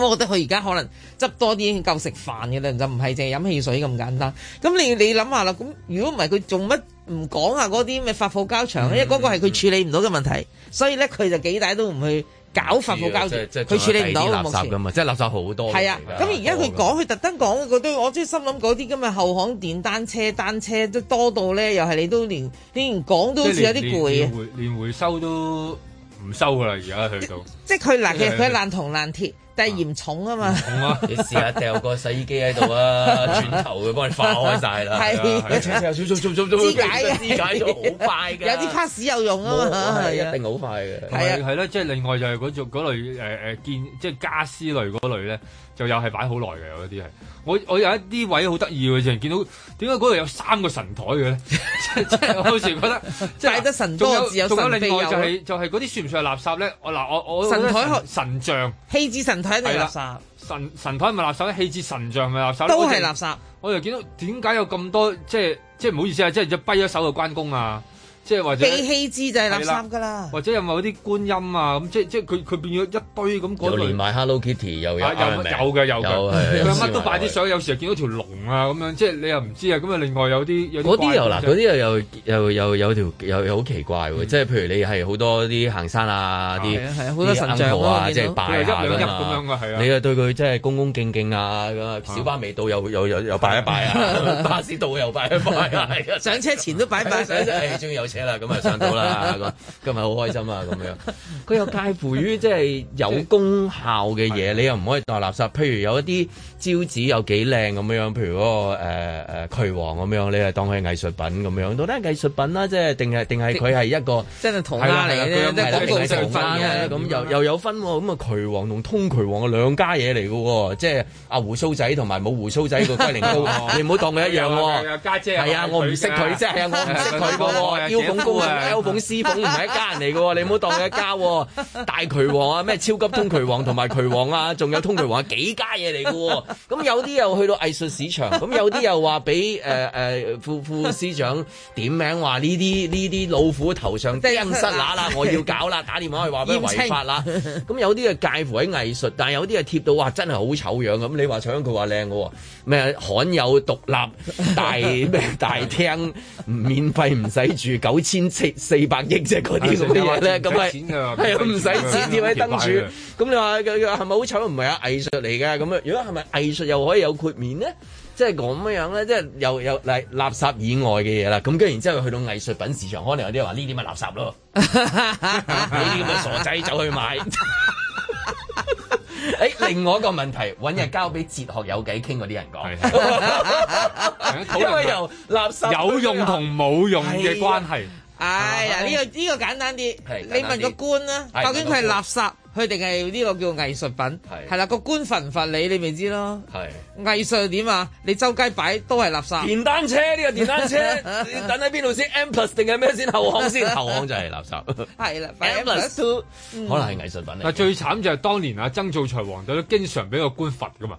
我覺得佢而家可能執多啲夠食飯嘅啦，就唔係淨係飲汽水咁簡單。咁你你諗下啦，咁如果唔係佢做乜唔講下嗰啲咩發泡膠場咧？嗰、嗯、個係佢處理唔到嘅問題，嗯嗯、所以咧佢就幾大都唔去搞發泡膠場。佢處理唔到。垃圾㗎嘛，即係垃圾好多。係啊，咁而家佢講，佢特登講嗰啲，我即係心諗嗰啲咁嘅後巷電單車、單車都多到咧，又係你都連你連講都好似有啲攰啊！連回收都。唔收噶啦，而家去到。即係佢爛嘅，其實佢係爛銅爛鐵，但係嫌重啊嘛。重啊！你試下掉個洗衣機喺度啊，轉頭佢幫你化開曬啦。係，拆拆，做做做做做，肢解，肢解咗好快嘅。有啲卡士有用啊嘛。係啊，一定好快嘅。係啊，係咯，即係另外就係嗰種嗰類誒誒建，即係傢俬類嗰類咧。就有係擺好耐嘅，有啲係，我我有一啲位好得意嘅，就係見到點解嗰度有三個神台嘅咧？即係即係，有時覺得即係、就係、得神多，有自有仲有另外就係、係、就係嗰啲算唔算係垃圾咧？我嗱我我神台我神像棄置神台定垃圾？啊、神神台係咪垃圾，棄置神像咪垃圾？都係垃圾。我又見到點解有咁多即係即係唔好意思啊！即係即跛咗手嘅關公啊！即係或者，悲喜字就係垃圾噶啦。或者有冇嗰啲觀音啊？咁即即係佢佢變咗一堆咁嗰類。連埋 Hello Kitty 又有。有嘅有嘅。佢乜都擺啲相，有時見到條龍啊咁樣，即係你又唔知啊。咁啊，另外有啲嗰啲又嗱，嗰啲又又又有有條又又好奇怪喎。即係譬如你係好多啲行山啊啲好多神像啊，即係擺下㗎嘛。你又對佢即係恭恭敬敬啊！小巴未到又又又又擺一擺啊！巴士到又擺一擺啊！上車前都擺擺。係中意有。咁啊，上到啦咁，今日好開心啊咁樣。佢又介乎於即係有功效嘅嘢，你又唔可以當垃圾。譬如有一啲招紙有幾靚咁樣，譬如嗰個誒渠王咁樣，你係當佢藝術品咁樣到底係藝術品啦，即係定係定係佢係一個即係同啊嚟咧，即係同藝術品咁又又有分喎。咁啊，渠王同通渠王嘅兩家嘢嚟嘅喎，即係阿胡鬚仔同埋冇胡鬚仔個龜苓膏，你唔好當佢一樣喎。係啊，家姐，係啊，我唔識佢，即係我唔識佢喎。拱拱啊， <laughs> 歐鳳、司鳳唔係一家人嚟嘅，你唔好當佢一家、哦。大渠王啊，咩超級通渠王同埋渠王啊，仲有通渠王啊，幾家嘢嚟嘅喎。咁有啲又去到藝術市場，咁有啲又話俾誒誒副副司長點名話呢啲呢啲老虎頭上釘蝨乸啦，我要搞啦，打電話去話俾違法啦。咁有啲啊介乎喺藝術，但係有啲啊貼到哇真係好醜樣咁。你話搶佢話靚嘅喎，咩罕有獨立大咩大廳，免費唔使住九。五千四百億啫的，嗰啲咁嘅嘢咧，咁係係啊，唔使的錢點解登住？咁你話佢佢係咪好醜？唔係啊，藝術嚟嘅咁啊。如果係咪藝術又可以有豁免咧？即係咁嘅樣咧，即係又又嚟垃圾以外嘅嘢啦。咁跟然之後去到藝術品市場，可能有啲人話呢啲咪垃圾咯，呢啲咁嘅傻仔走去買。 <laughs> 誒， <laughs> 另外一個問題，搵日交俾哲學有偈傾嗰啲人講， <laughs> <laughs> 因為又垃圾，有用同冇用嘅關係。哎呀，呢個呢個簡單啲，你問個官啦，究竟佢係垃圾，佢定係呢個叫藝術品？係啦，個官罰唔罰你，你咪知咯。係藝術點啊？你周街擺都係垃圾。電單車呢個電單車，你等喺邊度先？M+ 定係咩先？後巷先，後巷就係垃圾。係啦，M+ 可能係藝術品嚟。最慘就係當年啊曾灶財皇帝就都經常俾個官罰噶嘛，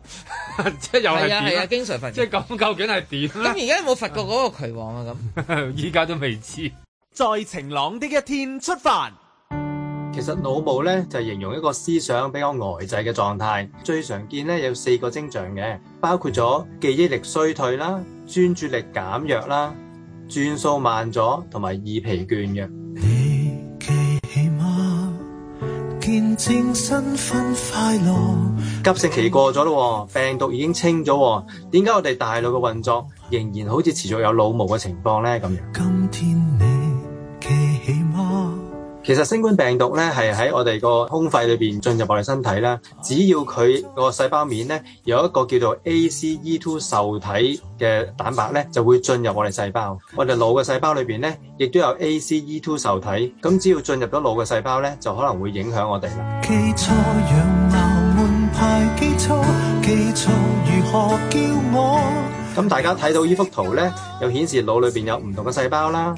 即係又係。係啊係啊，經常罰。即係咁，究竟係點咧？咁而家有冇罰過嗰個渠王啊？咁依家都未知。在晴朗的一天出發。其實腦霧咧就係形容一個思想比較呆滯嘅狀態，最常見咧有四個徵象嘅，包括咗記憶力衰退啦、專注力減弱啦、轉數慢咗同埋易疲倦嘅。你記起嗎？見證快樂。急性期過咗咯，病毒已經清咗，點解我哋大腦嘅運作仍然好似持續有腦霧嘅情況咧？咁樣。其實新冠病毒咧係喺我哋個胸肺裏邊進入我哋身體啦。只要佢個細胞面咧有一個叫做 ACE2 受體嘅蛋白咧，就會進入我哋細胞。我哋腦嘅細胞裏邊咧，亦都有 ACE2 受體。咁只要進入咗腦嘅細胞咧，就可能會影響我哋啦。記錯樣貌門牌記錯，記錯如何叫我？咁大家睇到呢幅圖咧，又顯示腦裏邊有唔同嘅細胞啦，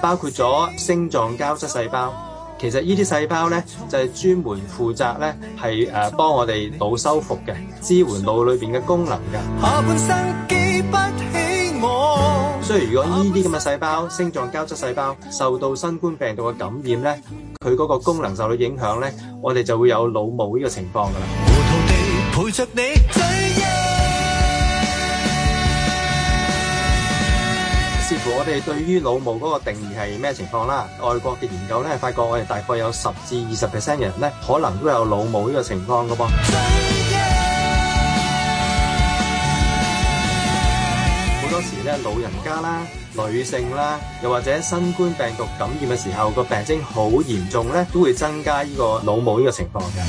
包括咗星狀膠質細、細胞。其實細呢啲細胞咧就係、是、專門負責咧係誒幫我哋腦修復嘅，支援腦裏面嘅功能嘅。所以如果呢啲咁嘅細胞，星狀膠質細胞受到新冠病毒嘅感染咧，佢嗰個功能受到影響咧，我哋就會有腦霧呢個情況噶啦。似乎我哋對於腦霧嗰個定義係咩情況啦？外國嘅研究咧，發覺我哋大概有十至二十 percent 人咧，可能都有腦霧呢個情況嘅噃。好世人 多時咧，老人家啦、女性啦，又或者新冠病毒感染嘅時候，個病徵好嚴重咧，都會增加呢個腦霧呢個情況嘅。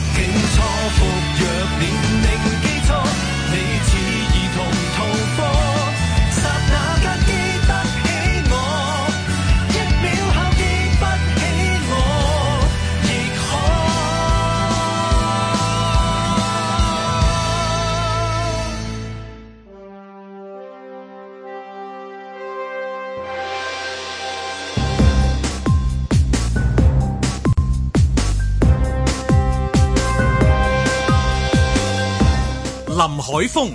林海峰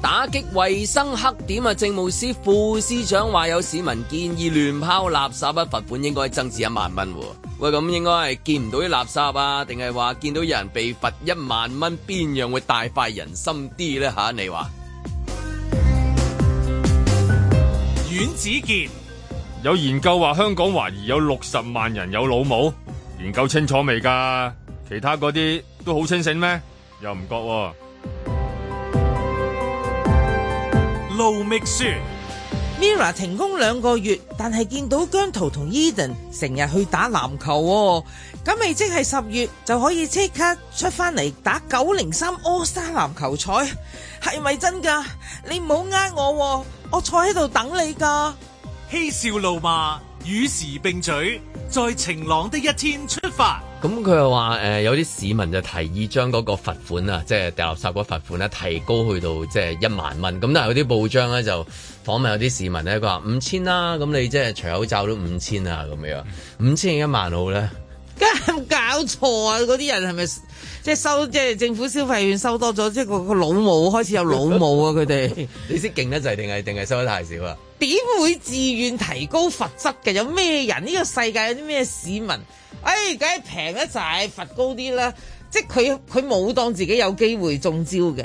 打擊衛生黑點啊！政務司副司長話有市民建議亂拋垃圾不罰款，應該增至一萬蚊。喂，咁應該係見唔到啲垃圾啊，定係話見到有人被罰一萬蚊，邊樣會大快人心啲呢？吓，你話？阮子健有研究話，香港懷疑有六十萬人有老母。研究清楚未？噶其他嗰啲都好清醒咩？又唔覺啊。盧覓雪，Mira 停工兩個月，但係見到姜濤同 Edan 成日去打籃球，哦，咁咪即係十月就可以即刻出翻嚟打九零三 All Star 籃球賽，係咪真噶？你唔好呃我，哦，我坐喺度等你噶。嬉笑怒罵，與時並舉，在晴朗的一天出發。咁佢又話誒有啲市民就提議將嗰個罰款啊，即係掉垃圾嗰個罰款咧，提高去到即係一萬蚊。咁但係有啲報章咧就訪問有啲市民咧，佢話五千啦，咁你即係除口罩都五千啊咁樣，嗯、五千一萬好咧？咁搞錯啊！嗰啲人係咪即係收即係、即係、政府消費券收多咗，即係個老母開始有老母啊！佢哋 <laughs> 們你識勁得滯定係定係收得太少啊？點會自願提高罰則嘅？有咩人呢、呢個世界有啲咩市民？誒、哎，梗係平得滯罰高啲啦！即係佢佢冇當自己有機會中招嘅。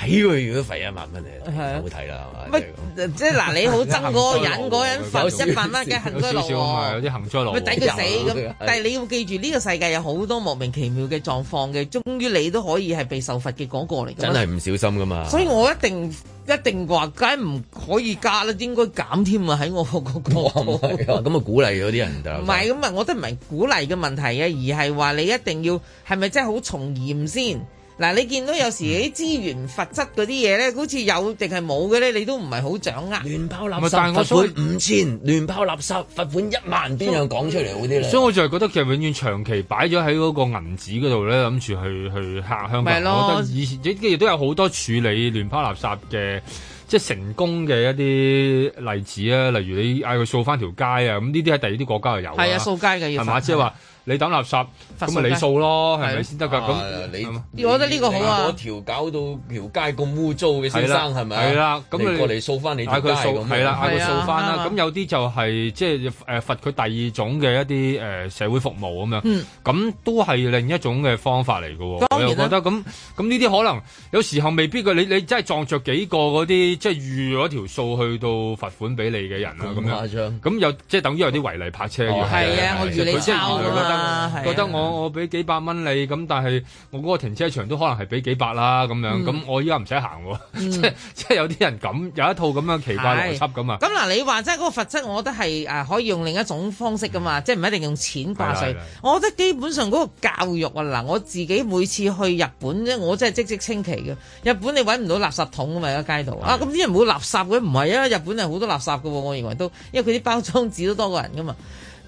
睇佢如果肥一萬蚊你，好睇啦，係咪？即係嗱，你好憎嗰個人，嗰人罰一萬蚊嘅幸災樂，抵佢死咁。但係你要記住，呢個世界有好多莫名其妙嘅狀況嘅，終於你都可以係被受罰嘅嗰個嚟。真係唔小心噶嘛！所以我一定一定話梗唔可以加啦，應該減添啊！喺我嗰個角度，咁啊鼓勵嗰啲人就唔係咁啊！我都唔係鼓勵嘅問題啊，而係話你一定要係咪真係好從嚴先？嗱，你見到有時啲資源罰則嗰啲嘢咧，好似有定係冇嘅咧，你都唔係好掌握。亂拋垃圾但我罰款五千，亂拋垃圾罰款一萬，邊有講出嚟好啲咧？所以,些所以我就係覺得其實永遠長期擺咗喺嗰個銀紙嗰度咧，諗住去去嚇香港。係咯，我覺得以前亦都有好多處理亂拋垃圾嘅，即係成功嘅一啲例子啊，例如你嗌佢掃翻條街啊，咁呢啲喺第二啲國家又有。係啊，掃街嘅意思。係嘛吧，即係話的你抌垃圾，咁咪你掃咯，係咪先得㗎？咁你，我覺得呢個好啊！我條搞到條街咁污糟嘅先生係咪啊？係啦，咁你過嚟掃翻你條街咁。係啦，佢掃翻啦。咁有啲就係即係誒罰佢第二種嘅一啲誒社會服務咁樣。咁都係另一種嘅方法嚟㗎喎。我又覺得咁咁呢啲可能有時候未必佢。你你真係撞着幾個嗰啲即係預咗條數去到罰款俾你嘅人咁樣。咁有即係等於有啲違例泊車。係啊，我預你啊啊、覺得我、啊、我俾幾百蚊你咁，但係我嗰個停車場都可能係俾幾百啦咁樣，咁、嗯、我依家唔使行，即即有啲人咁有一套咁樣奇怪邏輯咁啊！咁嗱樣，你話即係嗰個罰則，我覺得係誒、啊、可以用另一種方式噶嘛，嗯、即係唔一定用錢掛稅。啊啊、我覺得基本上嗰個教育啊，嗱我自己每次去日本即我真係即即清奇嘖嘖稱奇嘅。日本你搵唔到垃圾桶㗎嘛？喺街道街度啊，咁啲、啊、人冇垃圾嘅，唔係啊？日本係好多垃圾噶，我認為都因為佢啲包裝紙都多過人噶嘛。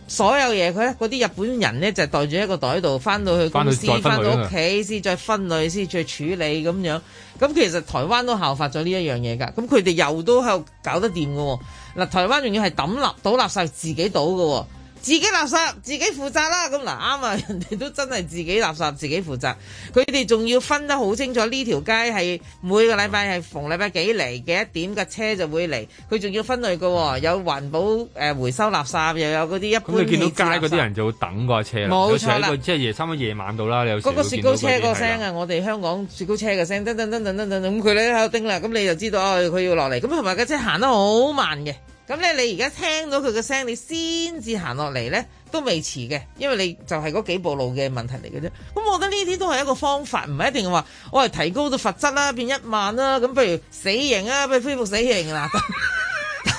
所有嘢佢呢嗰啲日本人咧就袋、是、住一個袋度，翻到去公司，翻到屋企先再分類，先再，的再處理咁樣。咁其實台灣都效法咗呢一樣嘢噶。咁佢哋又都喺度搞得掂㗎喎。嗱，台灣仲要係抌垃倒垃圾自己倒㗎喎。自己垃圾自己負責啦，咁嗱啱啊！人哋都真係自己垃圾自己負責，佢哋仲要分得好清楚。呢條街係每個禮拜係逢禮拜幾嚟嘅一點嘅車就會嚟，佢仲要分類喎，有環保誒回收垃圾，又有嗰啲一般。咁你見到街嗰啲人就會等嗰架車，冇錯，即係夜差唔多夜晚到啦，有時嗰個雪糕車個聲啊，我哋香港雪糕車嘅聲，等等等等。噔咁佢咧喺度叮啦，咁你就知道佢要落嚟。咁同埋架車行得好慢嘅。咁咧，你而家聽到佢嘅聲，你先至行落嚟咧，都未遲嘅，因為你就係嗰幾步路嘅問題嚟嘅啫。咁我覺得呢啲都係一個方法，唔係一定話我係提高到罰則啦，變一萬啦、啊。咁不如死刑啊，不如恢復死刑啦、啊。 <laughs>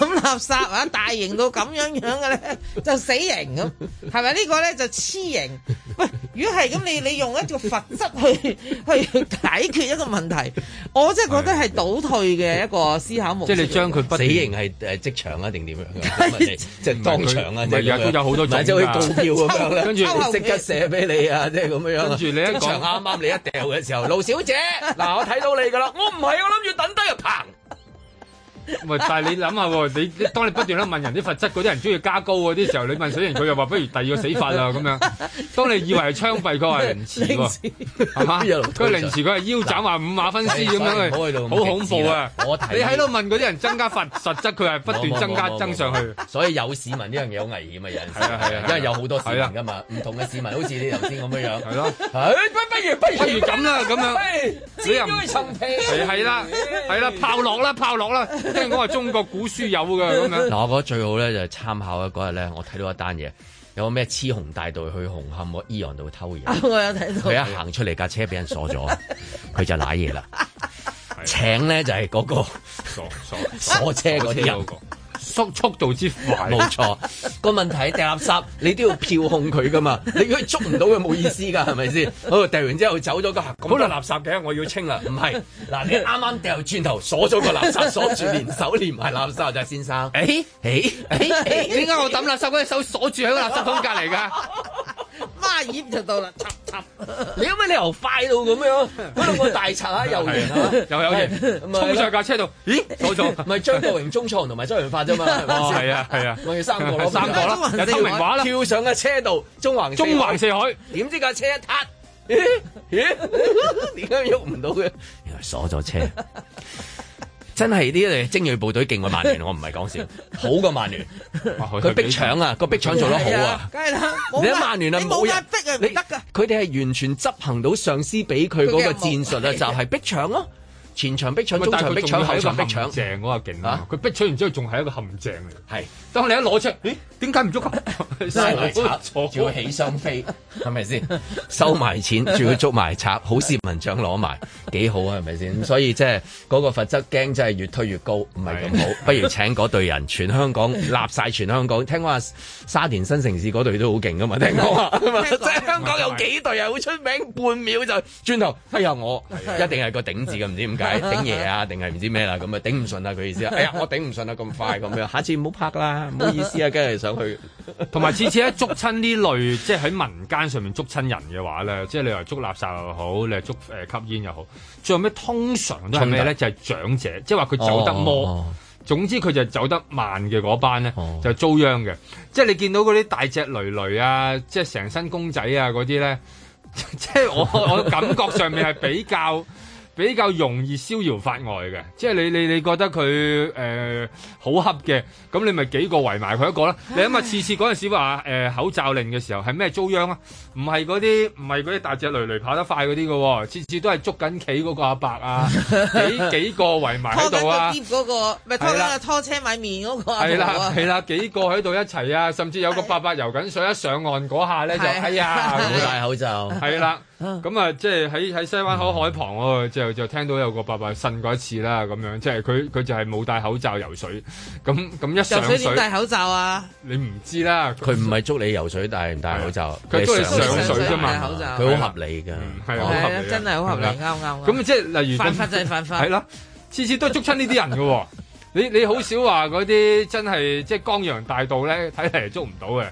咁垃圾啊！大型到咁樣樣嘅咧，就死刑咁，係咪呢個咧就黐刑？喂，如果係咁，你你用一條罰則去去去解決一個問題，我真係覺得係倒退嘅一個思考模式的。的模式即係你將佢不停死刑係誒即場啊，定點樣即係 <laughs> 他當場啊？唔係啊，都有好多種啊。即係要咁樣， <laughs> 跟住即刻射俾你啊！即係咁樣。跟住你一講啱啱你一掉嘅時候，盧 <laughs> 小姐，嗱，我睇到你噶啦，我唔係我諗住等低入棚。唔但係你諗下喎，你當你不斷咧問人啲罰則，嗰啲人中意加高嗰啲時候，你問死人，佢又話不如第二個死法啦咁樣。當你以為係槍斃，佢係凌遲喎，係嘛？佢凌遲佢係腰斬話五馬分屍咁樣，好恐怖啊！你喺度問嗰啲人增加罰實質，佢係不斷增加增上去。所以有市民呢樣嘢好危險啊！有係時，因為有好多市民噶嘛，唔同嘅市民，好似你頭先咁樣樣係咯，係不如不如不如咁啦，咁樣。你又係啦，係啦，炮落啦，炮落啦。聽講係中國古書有嘅咁樣，嗱，我覺得最好咧就參考咧嗰日咧，我睇到一單嘢，有個咩雌雄大盜去紅磡個依洋度偷嘢，我有睇到佢一行出嚟，架車俾人鎖咗，佢就賴嘢啦，請咧就係嗰個鎖鎖鎖車嗰啲。速速度之快 <laughs> 錯，冇錯。個問題係掟垃圾你都要票控佢噶嘛？你如果捉唔到，佢冇意思噶，係咪先？哦，掟完之後走咗個，咁嗰垃圾嘅，我要清 <laughs> 啦。唔係，嗱，你啱啱掉完轉頭鎖咗個垃圾，鎖住連手你唔埋垃圾 <laughs> 就先生。誒誒點解我抌垃圾嗰隻手鎖住喺個垃圾桶隔籬噶？ <laughs> 花葉就到啦，插插，你做乜你由快到咁樣？嗰兩個大賊下油完，又有型，衝上架車度，咦？冇唔係張國榮、鍾楚紅同埋周潤發啫嘛？係係啊係啊，我哋三個咯，三個啦，有啲明華啦，跳上架車度，縱橫，縱橫四海，點知架車一撻？咦？點解喐唔到嘅？原來鎖咗車。真係呢啲精銳部隊勁過曼聯，我唔係講笑， <laughs> 好過曼聯。佢逼搶啊，個逼搶做得好啊。梗係啦，你喺曼聯啊，冇人逼啊，你得噶。佢哋係完全執行到上司俾佢嗰個戰術啊，就係逼搶咯。前場逼搶，中場逼搶，後場逼搶，正嗰個勁啊！佢逼搶完之後，仲係一個陷阱嚟。係，當你一攞出，咦？點解唔捉佢？捉佢插錯，仲要起雙飛，係咪先？收埋錢，仲要捉埋插，好市民獎攞埋，幾好係咪先？所以即係嗰個罰則驚，真係越推越高，唔係咁好，不如請嗰隊人，全香港立晒全香港。聽講話沙田新城市嗰隊都好勁㗎嘛？聽講即係香港有幾隊係好出名，半秒就轉頭。哎呀，我一定係個頂字㗎，唔知點頂爺 <laughs> 啊，定係唔知咩啦？咁啊，頂唔順啊，佢意思。哎呀，我頂唔順啊，咁快咁樣，下次唔好拍啦，唔好意思啊，跟住上去。同埋次次咧捉親呢類， <laughs> 即係喺民間上面捉親人嘅話咧，即係你話捉垃圾又好，你係捉誒吸煙又好，最後尾咩？通常都係咩咧？就係、是、長者，即係話佢走得摩。Oh, oh, oh, oh. 總之佢就走得慢嘅嗰班咧，oh. 就遭殃嘅。即係你見到嗰啲大隻累累啊，即係成身公仔啊嗰啲咧，即係我我感覺上面係比較。比較容易逍遙法外嘅，即係你你你覺得佢誒好恰嘅，咁、呃、你咪幾個圍埋佢一個啦？唉 你諗下，次次嗰陣時話誒口罩令嘅時候係咩遭殃啊？唔係嗰啲唔係嗰啲大隻騾騾跑得快嗰啲嘅喎，次次都係捉緊企嗰個阿伯啊，幾 <laughs> 幾個圍埋喺度啊？拖嗰個咪、嗰個、拖緊個拖車米面嗰個係、啊、啦係 <laughs> 啦，啦，幾個喺度一齊啊？甚至有個伯伯游緊水一上岸嗰下咧就哎呀冇戴 <laughs> 口罩係 <laughs> 啦。咁啊，即係喺喺西灣口海旁啊，就就聽到有個伯伯呻過一次啦，咁樣即係佢佢就係冇戴口罩游水，咁咁一上水點戴口罩啊？你唔知啦，佢唔係捉你游水，但係唔戴口罩，佢都係上水啫嘛，佢好合理噶，係啊，真係好合理，啱啱。咁即係例如犯法就係犯法，係啦，次次都捉親呢啲人㗎喎，你你好少話嗰啲真係即係江洋大盜咧，睇嚟捉唔到嘅。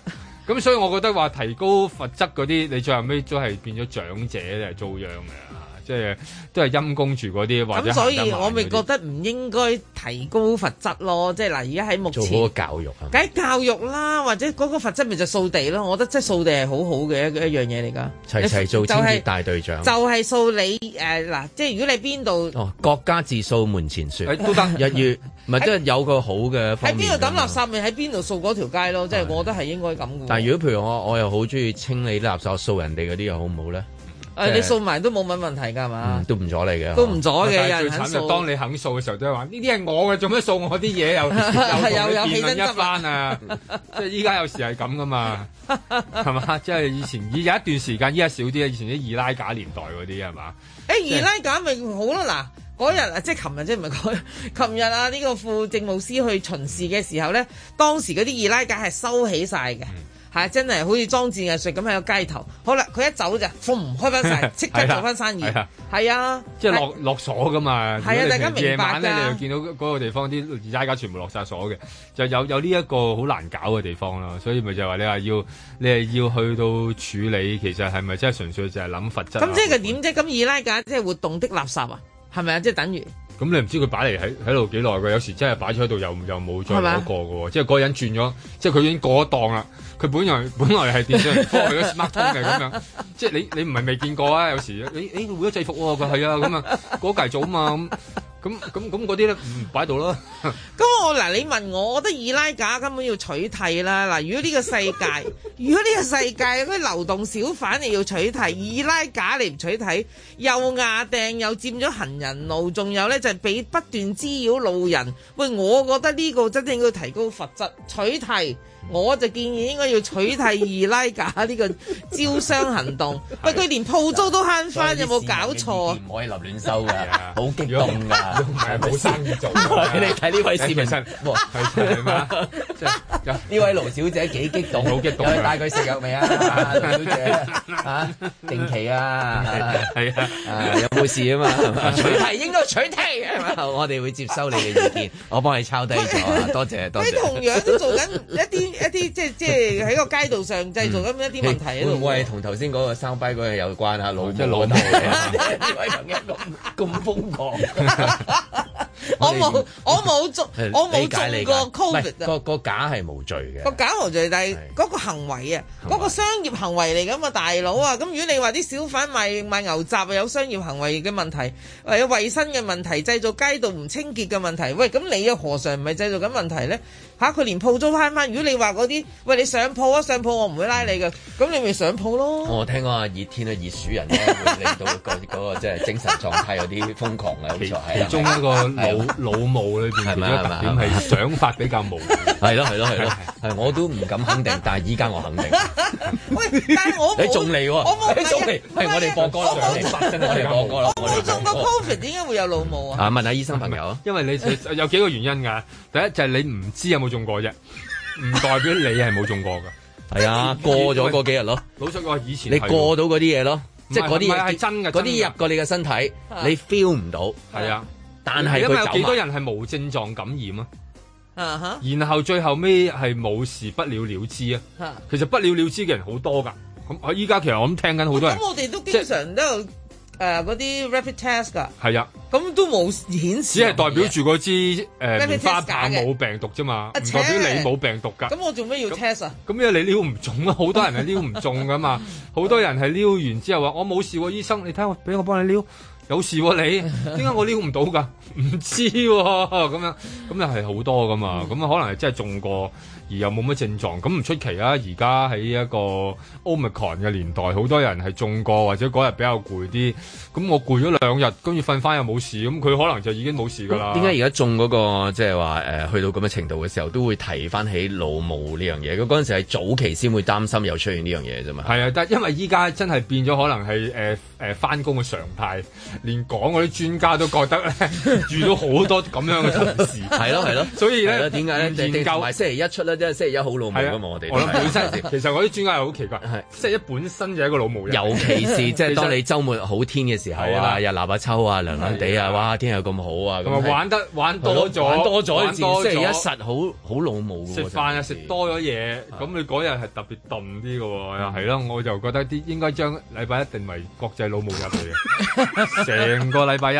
咁所以我覺得話提高罰則嗰啲，你最後尾都係變咗長者嚟遭殃嘅。即係都係陰公住嗰啲，或者咁所以我咪覺得唔應該提高罰則咯，即係嗱，而家喺目前做好個教育是是。梗係教育啦，或者嗰個罰則咪就掃地咯。我覺得即係掃地係好好嘅一一樣嘢嚟噶。齊齊做清潔大隊長。就係、是、掃、就是、你誒，嗱、呃，即係如果你邊度、哦、國家自掃門前雪都得。 <laughs> 日月唔係都係有個好嘅。喺邊度抌垃圾咪喺邊度掃嗰條街咯，即係的我覺得係應該咁。但係如果譬如我我又好中意清理垃圾掃人哋嗰啲又好唔好咧？誒，你掃埋都冇乜問題噶嘛？都唔阻你嘅，都唔阻嘅。但係最慘就當你肯掃嘅時候，都係話呢啲係我嘅，做咩掃我啲嘢又又有辯論一番啊？即係依家有時係咁噶嘛，係嘛？即係以前，以前有一段時間依家少啲啊。以前啲二奶架年代嗰啲啊，係嘛？誒，二奶架咪好咯嗱，嗰日啊，即係琴日即係唔係講？琴日啊，呢個副政務司去巡視嘅時候咧，當時嗰啲二奶架係收起晒嘅。係真係好似裝置藝術咁喺個街頭。好啦，佢一走就，唔開翻晒，即刻做翻生意。係 <laughs> 啊，即係落落鎖噶嘛。係啊，大家明白㗎。夜晚咧，你又見到嗰個地方啲而、那個那個、家全部落晒鎖嘅，就有有呢一個好難搞嘅地方啦。所以咪就係話你話要你係要去到處理，其實係咪真係純粹就係諗罰則咁？嗯、即係點啫？咁二拉架即係活動的垃圾啊？係咪啊？即、就、係、是、等於咁、嗯、你唔知佢擺嚟喺喺度幾耐㗎？有時真係擺咗喺度又又冇再攞過㗎喎。吧即係個人轉咗，即係佢已經過咗檔啦。佢本來本來係點樣嚟，攞咗 smartphone 嘅咁樣，即係你你唔係未見過啊？有時你你會有制服，佢係啊咁啊，嗰屆、啊那個、組啊嘛咁咁咁嗰啲咧唔擺度啦。咁 <laughs> 我嗱，你問我，我覺得易拉架根本要取締啦。嗱，如果呢個世界， <laughs> 如果呢個世界嗰啲流動小販你要取締，易拉架你唔取締，又壓釘又佔咗行人路，仲有咧就係、是、俾不斷滋擾路人。喂，我覺得呢個真正要提高罰則，取締。我就建議應該要取締二奶假呢個招商行動，喂，佢連鋪租都慳翻，有冇搞錯？唔可以立亂收㗎，好激動㗎，都唔係冇生意做。你睇呢位市民，哇，係嘛？呢位盧小姐幾激動，好激動啊！帶佢食藥未啊？盧小姐啊，定期啊，係啊，有冇事啊嘛？取締應該取締，我哋會接收你嘅意見，我幫你抄低咗，多謝多謝。同樣都做緊一啲。一啲即係即係喺個街道上製造咁一啲問題喺、嗯欸、會唔會係同頭先嗰個生啤嗰個有關啊？老即係我老豆啊！咁瘋狂，我冇 <laughs> 我冇中，我冇中過 covid 個、那個假係無罪嘅，個假無罪，但係嗰個行為啊，嗰的個商業行為嚟噶嘛，大佬啊！咁的如果你話啲小販賣賣牛雜有商業行為嘅問題，或者衛生嘅問題，製造街道唔清潔嘅問題，喂，咁你又何嘗唔係製造緊問題咧？吓佢連鋪租翻翻，如果你話嗰啲，喂，你上鋪啊上鋪，我唔會拉你嘅，咁你咪上鋪咯。我聽講啊，熱天咧熱鼠人咧，令到嗰個即係精神狀態有啲瘋狂有啲在係其中一個腦腦霧裏邊，唯一特點係想法比較模糊。係咯係咯係咯，係我都唔敢肯定，但係依家我肯定。但係我你仲嚟喎？你仲嚟？係我哋播歌你仲嚟？我哋播歌你中個 COVID 應該會有腦霧啊？啊，問下醫生朋友啊，因為你有幾個原因㗎。第一就係，是，你唔知有冇中過啫，唔代表你係冇中過㗎。係 <laughs> 啊，過咗嗰幾日咯。老實講，以前你過到嗰啲嘢咯，即係嗰啲係真嘅。嗰啲入過你嘅身體，啊、你 feel 唔到。係啊，但係佢走埋，因為有幾多人係冇症狀感染啊？啊啊然後最後尾係冇事，不了了之啊。啊啊其實不了了之嘅人好多㗎。咁依家其實我諗聽緊好多人。咁我哋都經常都。誒嗰啲 rapid test 㗎，係啊，咁都冇顯示，只係代表住嗰支誒棉花棒冇病毒啫嘛，唔代表你冇病毒㗎。咁我做咩要 test 啊？咁因為你撩唔中啊，好多人係撩唔中噶嘛，好多人係撩完之後話我冇事喎，醫生，你睇下俾我幫你撩有事喎，你點解我撩唔到㗎？唔知喎，咁樣咁又係好多噶嘛，咁啊可能係真係中過。而又冇乜症狀，咁唔出奇啊！而家喺一個 Omicron 嘅年代，好多人係中過或者嗰日比較攰啲，咁我攰咗兩日，跟住瞓翻又冇事，咁佢可能就已經冇事噶啦。點解而家中嗰、嗰個即係話去到咁嘅程度嘅時候，都會提翻起腦霧呢樣嘢？咁嗰陣時係早期先會擔心有出現呢樣嘢啫嘛。係啊，但因為依家真係變咗，可能係誒誒翻工嘅常態，連講嗰啲專家都覺得咧， <laughs> <laughs> 遇到好多咁樣嘅事。係咯係咯，所以咧點解研究埋星期一出咧？即係，即係好老毛我哋，我諗本身其實我啲專家係好奇怪，即係一本身就係一個老毛，尤其是即係當你週末好天嘅時候啊，又攬下抽啊，涼涼地啊，哇！天又咁好啊，同埋玩得玩多咗，玩多咗啲字，即係而實好好老毛喎，食飯呀，食多咗嘢，咁你嗰日係特別凍啲嘅喎，係咯，我就覺得啲應該將禮拜一定為國際老毛日嚟嘅，成個禮拜一。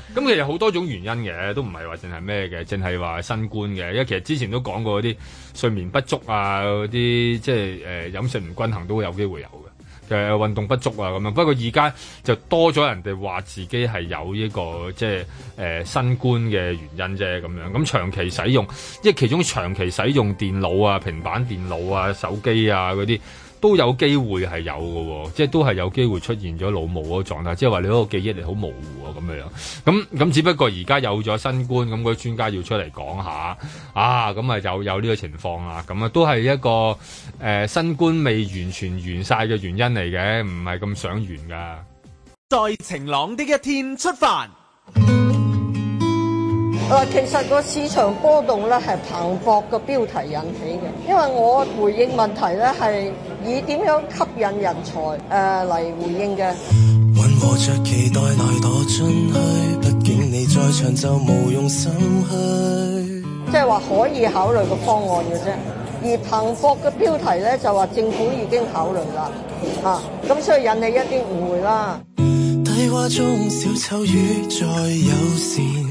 咁其實好多種原因嘅，都唔係話淨係咩嘅，淨係話新冠嘅。因為其實之前都講過嗰啲睡眠不足啊，嗰啲即係誒飲食唔均衡都會有機會有嘅。誒運動不足啊咁樣。不過而家就多咗人哋話自己係有呢個即係誒新冠嘅原因啫咁樣。咁長期使用，即係其中長期使用電腦啊、平板電腦啊、手機啊嗰啲。都有機會係有嘅，即係都係有機會出現咗老母個狀態，即係話你個記憶力好模糊啊咁樣。咁咁只不過而家有咗新冠，咁啲專家要出嚟講一下，啊，咁啊有有呢個情況啊，咁啊都係一個誒、呃、新冠未完全完晒嘅原因嚟嘅，唔係咁想完噶。在晴朗的一天出發。嗱，其實個市場波動咧係彭博個標題引起嘅，因為我回應問題咧係以點樣吸引人才誒嚟回應嘅。搵我着期待來躲進去，畢竟你在場就無用心去。即係話可以考慮個方案嘅啫，而彭博嘅標題咧就話政府已經考慮啦，咁所以引起一啲誤會啦。低窪中小丑魚再有善。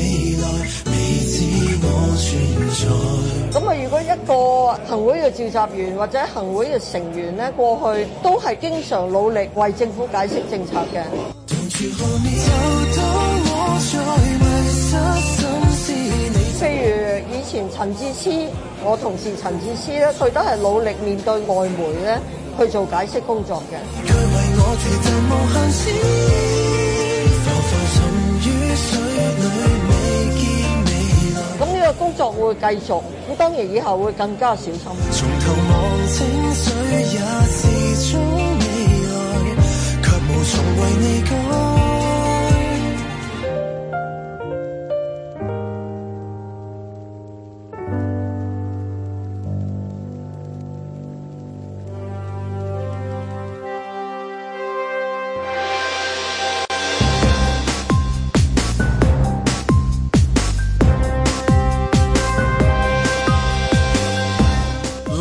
咁啊，如果一個行會嘅召集員或者行會嘅成員咧，過去都係經常努力為政府解釋政策嘅。譬如以前陳智思，我同事陳智思咧，佢都係努力面對外媒咧去做解釋工作嘅。佢為我無限呢個工作會繼續，咁當然以後會更加小心。從頭望清水也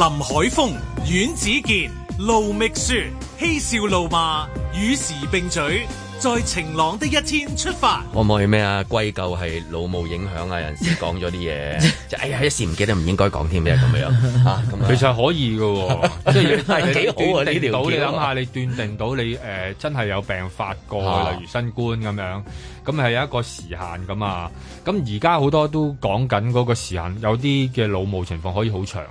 林海峰、阮子健、盧覓雪嬉笑怒罵，與時並嘴。在晴朗的一天出發，可唔可以咩啊？歸咎係老母影響啊？有陣時講咗啲嘢， <laughs> 哎呀，一時唔記得唔應該講添咩咁樣啊？咁其實可以嘅，哦， <laughs> 即係幾好啊。呢條 <laughs> <laughs> 你諗下，你斷定到你誒，呃、真係有病發過，啊，例如新冠咁樣，咁係有一個時限咁啊，咁而家好多都講緊嗰個時限，有啲嘅老母情況可以好長。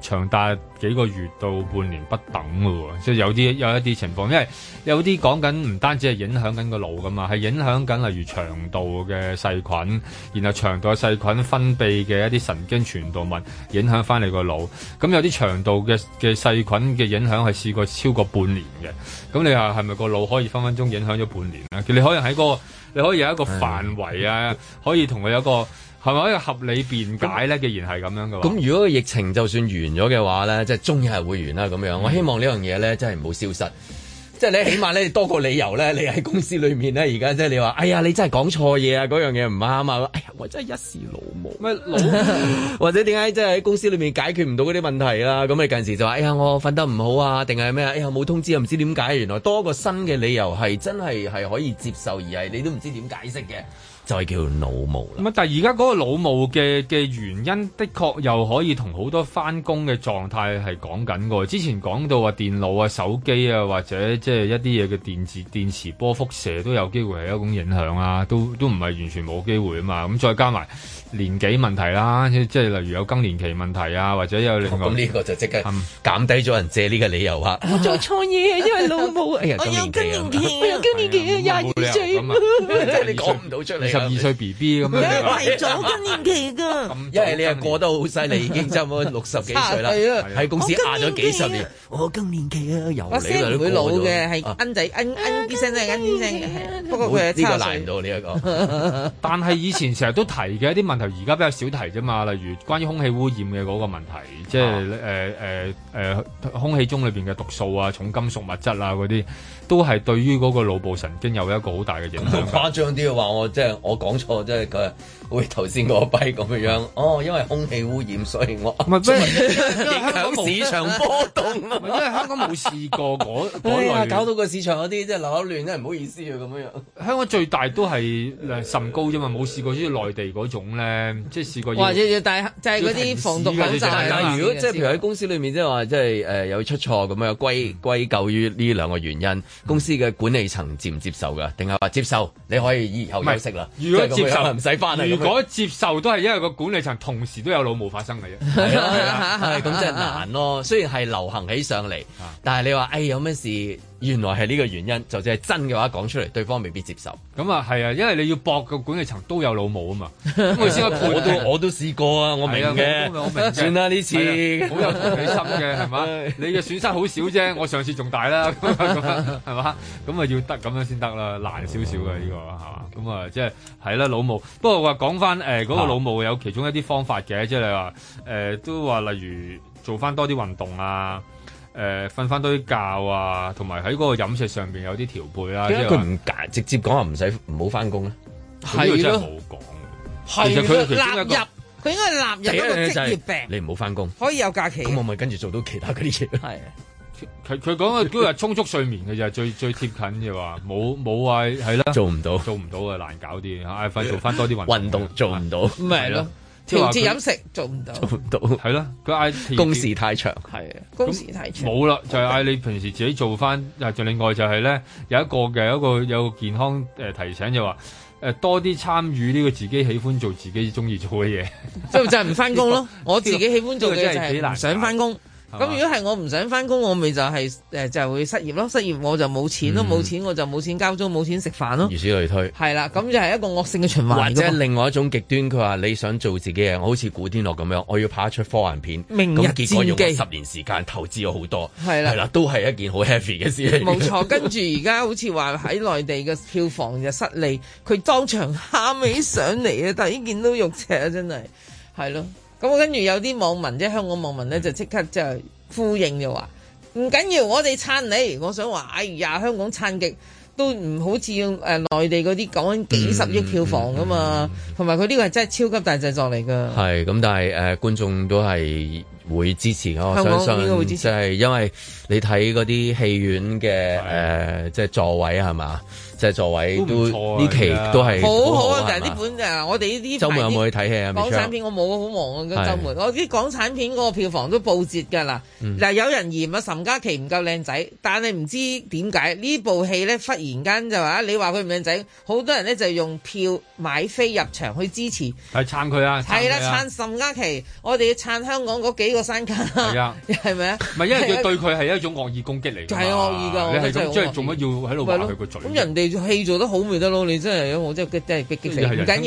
長達幾個月到半年不等嘅喎，即係有啲有一啲情況，因為有啲講緊唔單止係影響緊個腦㗎嘛，係影響緊例如腸道嘅細菌，然後腸道嘅細菌分泌嘅一啲神經傳導物，影響翻你個腦。咁有啲腸道嘅嘅細菌嘅影響係試過超過半年嘅。咁你話係咪個腦可以分分鐘影響咗半年啊？佢你可以喺一個，你可以有一個範圍啊，嗯、可以同佢有一個。係咪一個合理辯解咧？既然係咁樣嘅話，咁如果個疫情就算完咗嘅話咧，即係終於係會完啦咁樣。嗯、我希望樣呢樣嘢咧，真係唔好消失。 <laughs> 即係你起碼你多個理由咧，你喺公司裏面咧而家即係你話，哎呀，你真係講錯嘢啊！嗰樣嘢唔啱啊！哎呀，我真係一時老莽。咪 <laughs> 或者點解即係喺公司裏面解決唔到嗰啲問題啦？咁你近時就話，哎呀，我瞓得唔好啊，定係咩？哎呀，冇通知又唔知點解，原來多個新嘅理由係真係係可以接受，而係你都唔知點解釋嘅。就係叫腦霧啦。咁啊，但係而家嗰個腦霧嘅嘅原因，的確又可以同好多翻工嘅狀態係講緊嘅。之前講到話電腦啊、手機啊，或者即係一啲嘢嘅電子電磁波輻射都有機會係一種影響啊，都都唔係完全冇機會啊嘛。咁再加埋年紀問題啦，即係例如有更年期問題啊，或者有另外咁呢個、哦、個就即刻減低咗人借呢個理由話、嗯、我做錯嘢，因為腦霧， <laughs> 哎呀更年期、啊，有更年期、啊，廿二,二歲，真係你講唔到出嚟。二二歲 BB 咁樣你，你話？我更年期㗎，因為你係過得好犀利，已經差唔多六十幾歲啦。喺公司壓咗幾十年，我更年期啊，啊，由你來我會老嘅，係恩、嗯、仔恩恩啲恩啲聲。不過佢係抄聲。呢個難到呢一個。但係以前成日都提嘅一啲問題，而家比較少提啫嘛。例如關於空氣污染嘅嗰個問題，即係、呃呃呃、空氣中裏面嘅毒素啊、重金屬物質啊嗰啲。都係對於嗰個腦部神經有一個好大嘅影響。誇張啲嘅話，我即係我講錯，即係佢。會頭先個弊咁樣樣，哦，因為空氣污染，所以我影響市場波動啊！因為香港冇試過嗰，搞到個市場嗰啲即係流口亂，真係唔好意思啊！咁樣，香港最大都係甚高啫嘛，冇試過好似內地嗰種咧，即係試過。或者係就嗰啲防毒粉炸。如果即係譬如喺公司裏面，即係話即係誒有出錯咁樣，歸歸咎於呢兩個原因，公司嘅管理層接唔接受㗎？定係話接受？你可以以後休息啦。如果接受唔使翻啦。如果接受都係因為個管理層同時都有老毛病發生嘅啫，係 <laughs> 啊，係 <laughs> 啊，係咁真係難囉，啊。啊、雖然係流行起上嚟，啊、但係你話，哎呀有咩事？原來係呢個原因，就即係真嘅話講出嚟，對方未必接受。咁啊，係啊，因為你要搏個管理層都有老母啊嘛，咁先可以搏，我都試過啊，我明嘅。啊、我明我明算啦，呢次好有同情心嘅係嘛？是吧 <laughs> 你嘅損失好少啫，我上次仲大啦，係嘛？咁啊要得咁樣先得啦，難少少嘅呢個係嘛？咁 <laughs> 啊、嗯、啊即係係啦，老母。不過話講翻誒嗰個老母有其中一啲方法嘅，即係你話誒都話例如做翻多啲運動啊。誒瞓翻多啲覺啊，同埋喺嗰個飲食上面有啲調配啊。佢唔直接講話唔使唔好翻工咧？係咯，佢真係冇講。其實佢佢應該納入，佢應該納入一個職業病。你唔好翻工，可以有假期。咁我咪跟住做到其他嗰啲嘢。係佢佢講嘅叫做充足睡眠嘅就係最最貼近嘅話，冇冇話係啦。做唔到，做唔到啊，難搞啲。唉，做翻多啲運動，運動做唔到，係咯。調節飲食做唔到，做唔到係啦，佢嗌，工時太長，係啊，工時太長冇啦，就係、係、嗌你平時自己做翻。啊，仲另外就係咧，有一個嘅，有一個有，一個有，一個有一個健康誒、呃、提醒就，就話誒多啲參與呢個自己喜歡做、自己中意做嘅嘢，即係唔翻工咯。 <laughs> 我自己喜歡做嘅就係唔想翻工。這個這個咁如果係我唔想返工，我咪就係、是、誒就會失業咯，失業我就冇錢咯，冇、嗯、錢我就冇錢交租，冇錢食飯咯。如此類推。係啦，咁就係一個惡性嘅循環。或者另外一種極端，佢話你想做自己嘢，我好似古天樂咁樣，我要拍一出科幻片《明日戰記》，十年時間投資咗好多。係啦，係啦，都係一件好 heavy 嘅事嚟。冇錯，跟住而家好似話喺內地嘅票房就失利，佢 <laughs> 當場喊起上嚟啊！ <laughs> 但係見到肉赤啊，真係係咯。咁跟住有啲網民即係香港網民咧，就即刻即係呼應就話唔緊要緊，我哋撐你。我想話，哎呀，香港撐極都唔好似要誒內地嗰啲講緊幾十億票房噶嘛，同埋佢呢個係真係超級大製作嚟噶。係咁、嗯，但係誒、呃、觀眾都係會支持咯，我相信香港會支持就係因為你睇嗰啲戲院嘅誒，即、呃、係、就是、座位係嘛。即係座位都呢期都係好好啊！就係呢本就係，我哋呢啲週末有冇去睇戲啊？港產片我冇好忙啊！咁週末我啲港產片嗰個票房都報捷㗎啦！嗱，有人嫌啊，岑嘉琪唔夠靚仔，但係唔知點解呢部戲咧忽然間就話你話佢唔靚仔，好多人咧就用票買飛入場去支持，係撐佢啊！係啦，撐岑嘉琪，我哋要撐香港嗰幾個山根啊，係咪啊？唔係因為佢對佢係一種惡意攻擊嚟，係惡意㗎。你係咁即係做乜要喺度話佢個嘴？咁人哋。戲做得好咪得咯，你真係我真係激真係激激嚟，唔緊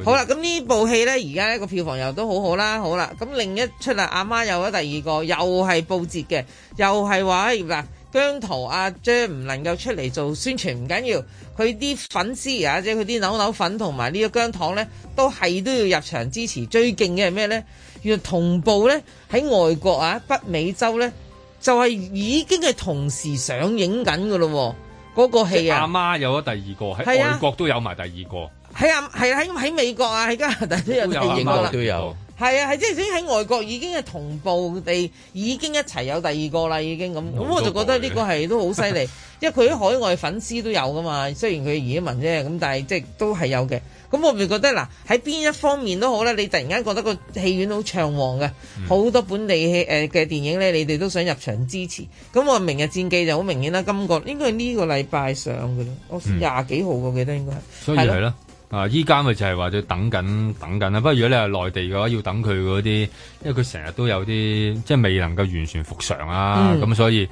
要。好啦，咁呢部戲咧，而家呢個票房又都好好啦，好啦。咁另一出啊，阿媽有咗第二個，又係報捷嘅，又係話嗱姜濤阿 Jer 唔、er、能夠出嚟做宣傳，唔緊要。佢啲粉絲啊，即係佢啲扭扭粉同埋呢個姜糖咧，都係都要入場支持。最勁嘅係咩咧？原來同步咧喺外國啊，北美洲咧就係、是、已經係同時上映緊㗎咯喎。嗰個戲啊！阿媽有咗第二個喺外國都有埋第二個，喺啊，係啊，喺喺、啊啊、美國啊，喺加拿大都有電影都有阿媽都有，係啊，係即係先喺外國已經係同步地已經一齊有第二個啦，已經咁。咁我就覺得呢個係都好犀利，因為佢啲海外粉絲都有噶嘛， <laughs> 雖然佢移民啫，咁但係即係都係有嘅。咁我咪覺得嗱，喺、啊、邊一方面都好啦，你突然間覺得個戲院好暢旺嘅，好、嗯、多本地戲嘅電影咧，你哋都想入場支持。咁我明日戰記就好明顯啦，今個應該係呢個禮拜上㗎咯，我廿幾號、嗯、我記得應該係。所以係咯，啊依家咪就係話在等緊等緊啦。不過如果你係內地嘅話，要等佢嗰啲，因為佢成日都有啲即係未能夠完全復常啊，咁、嗯、所以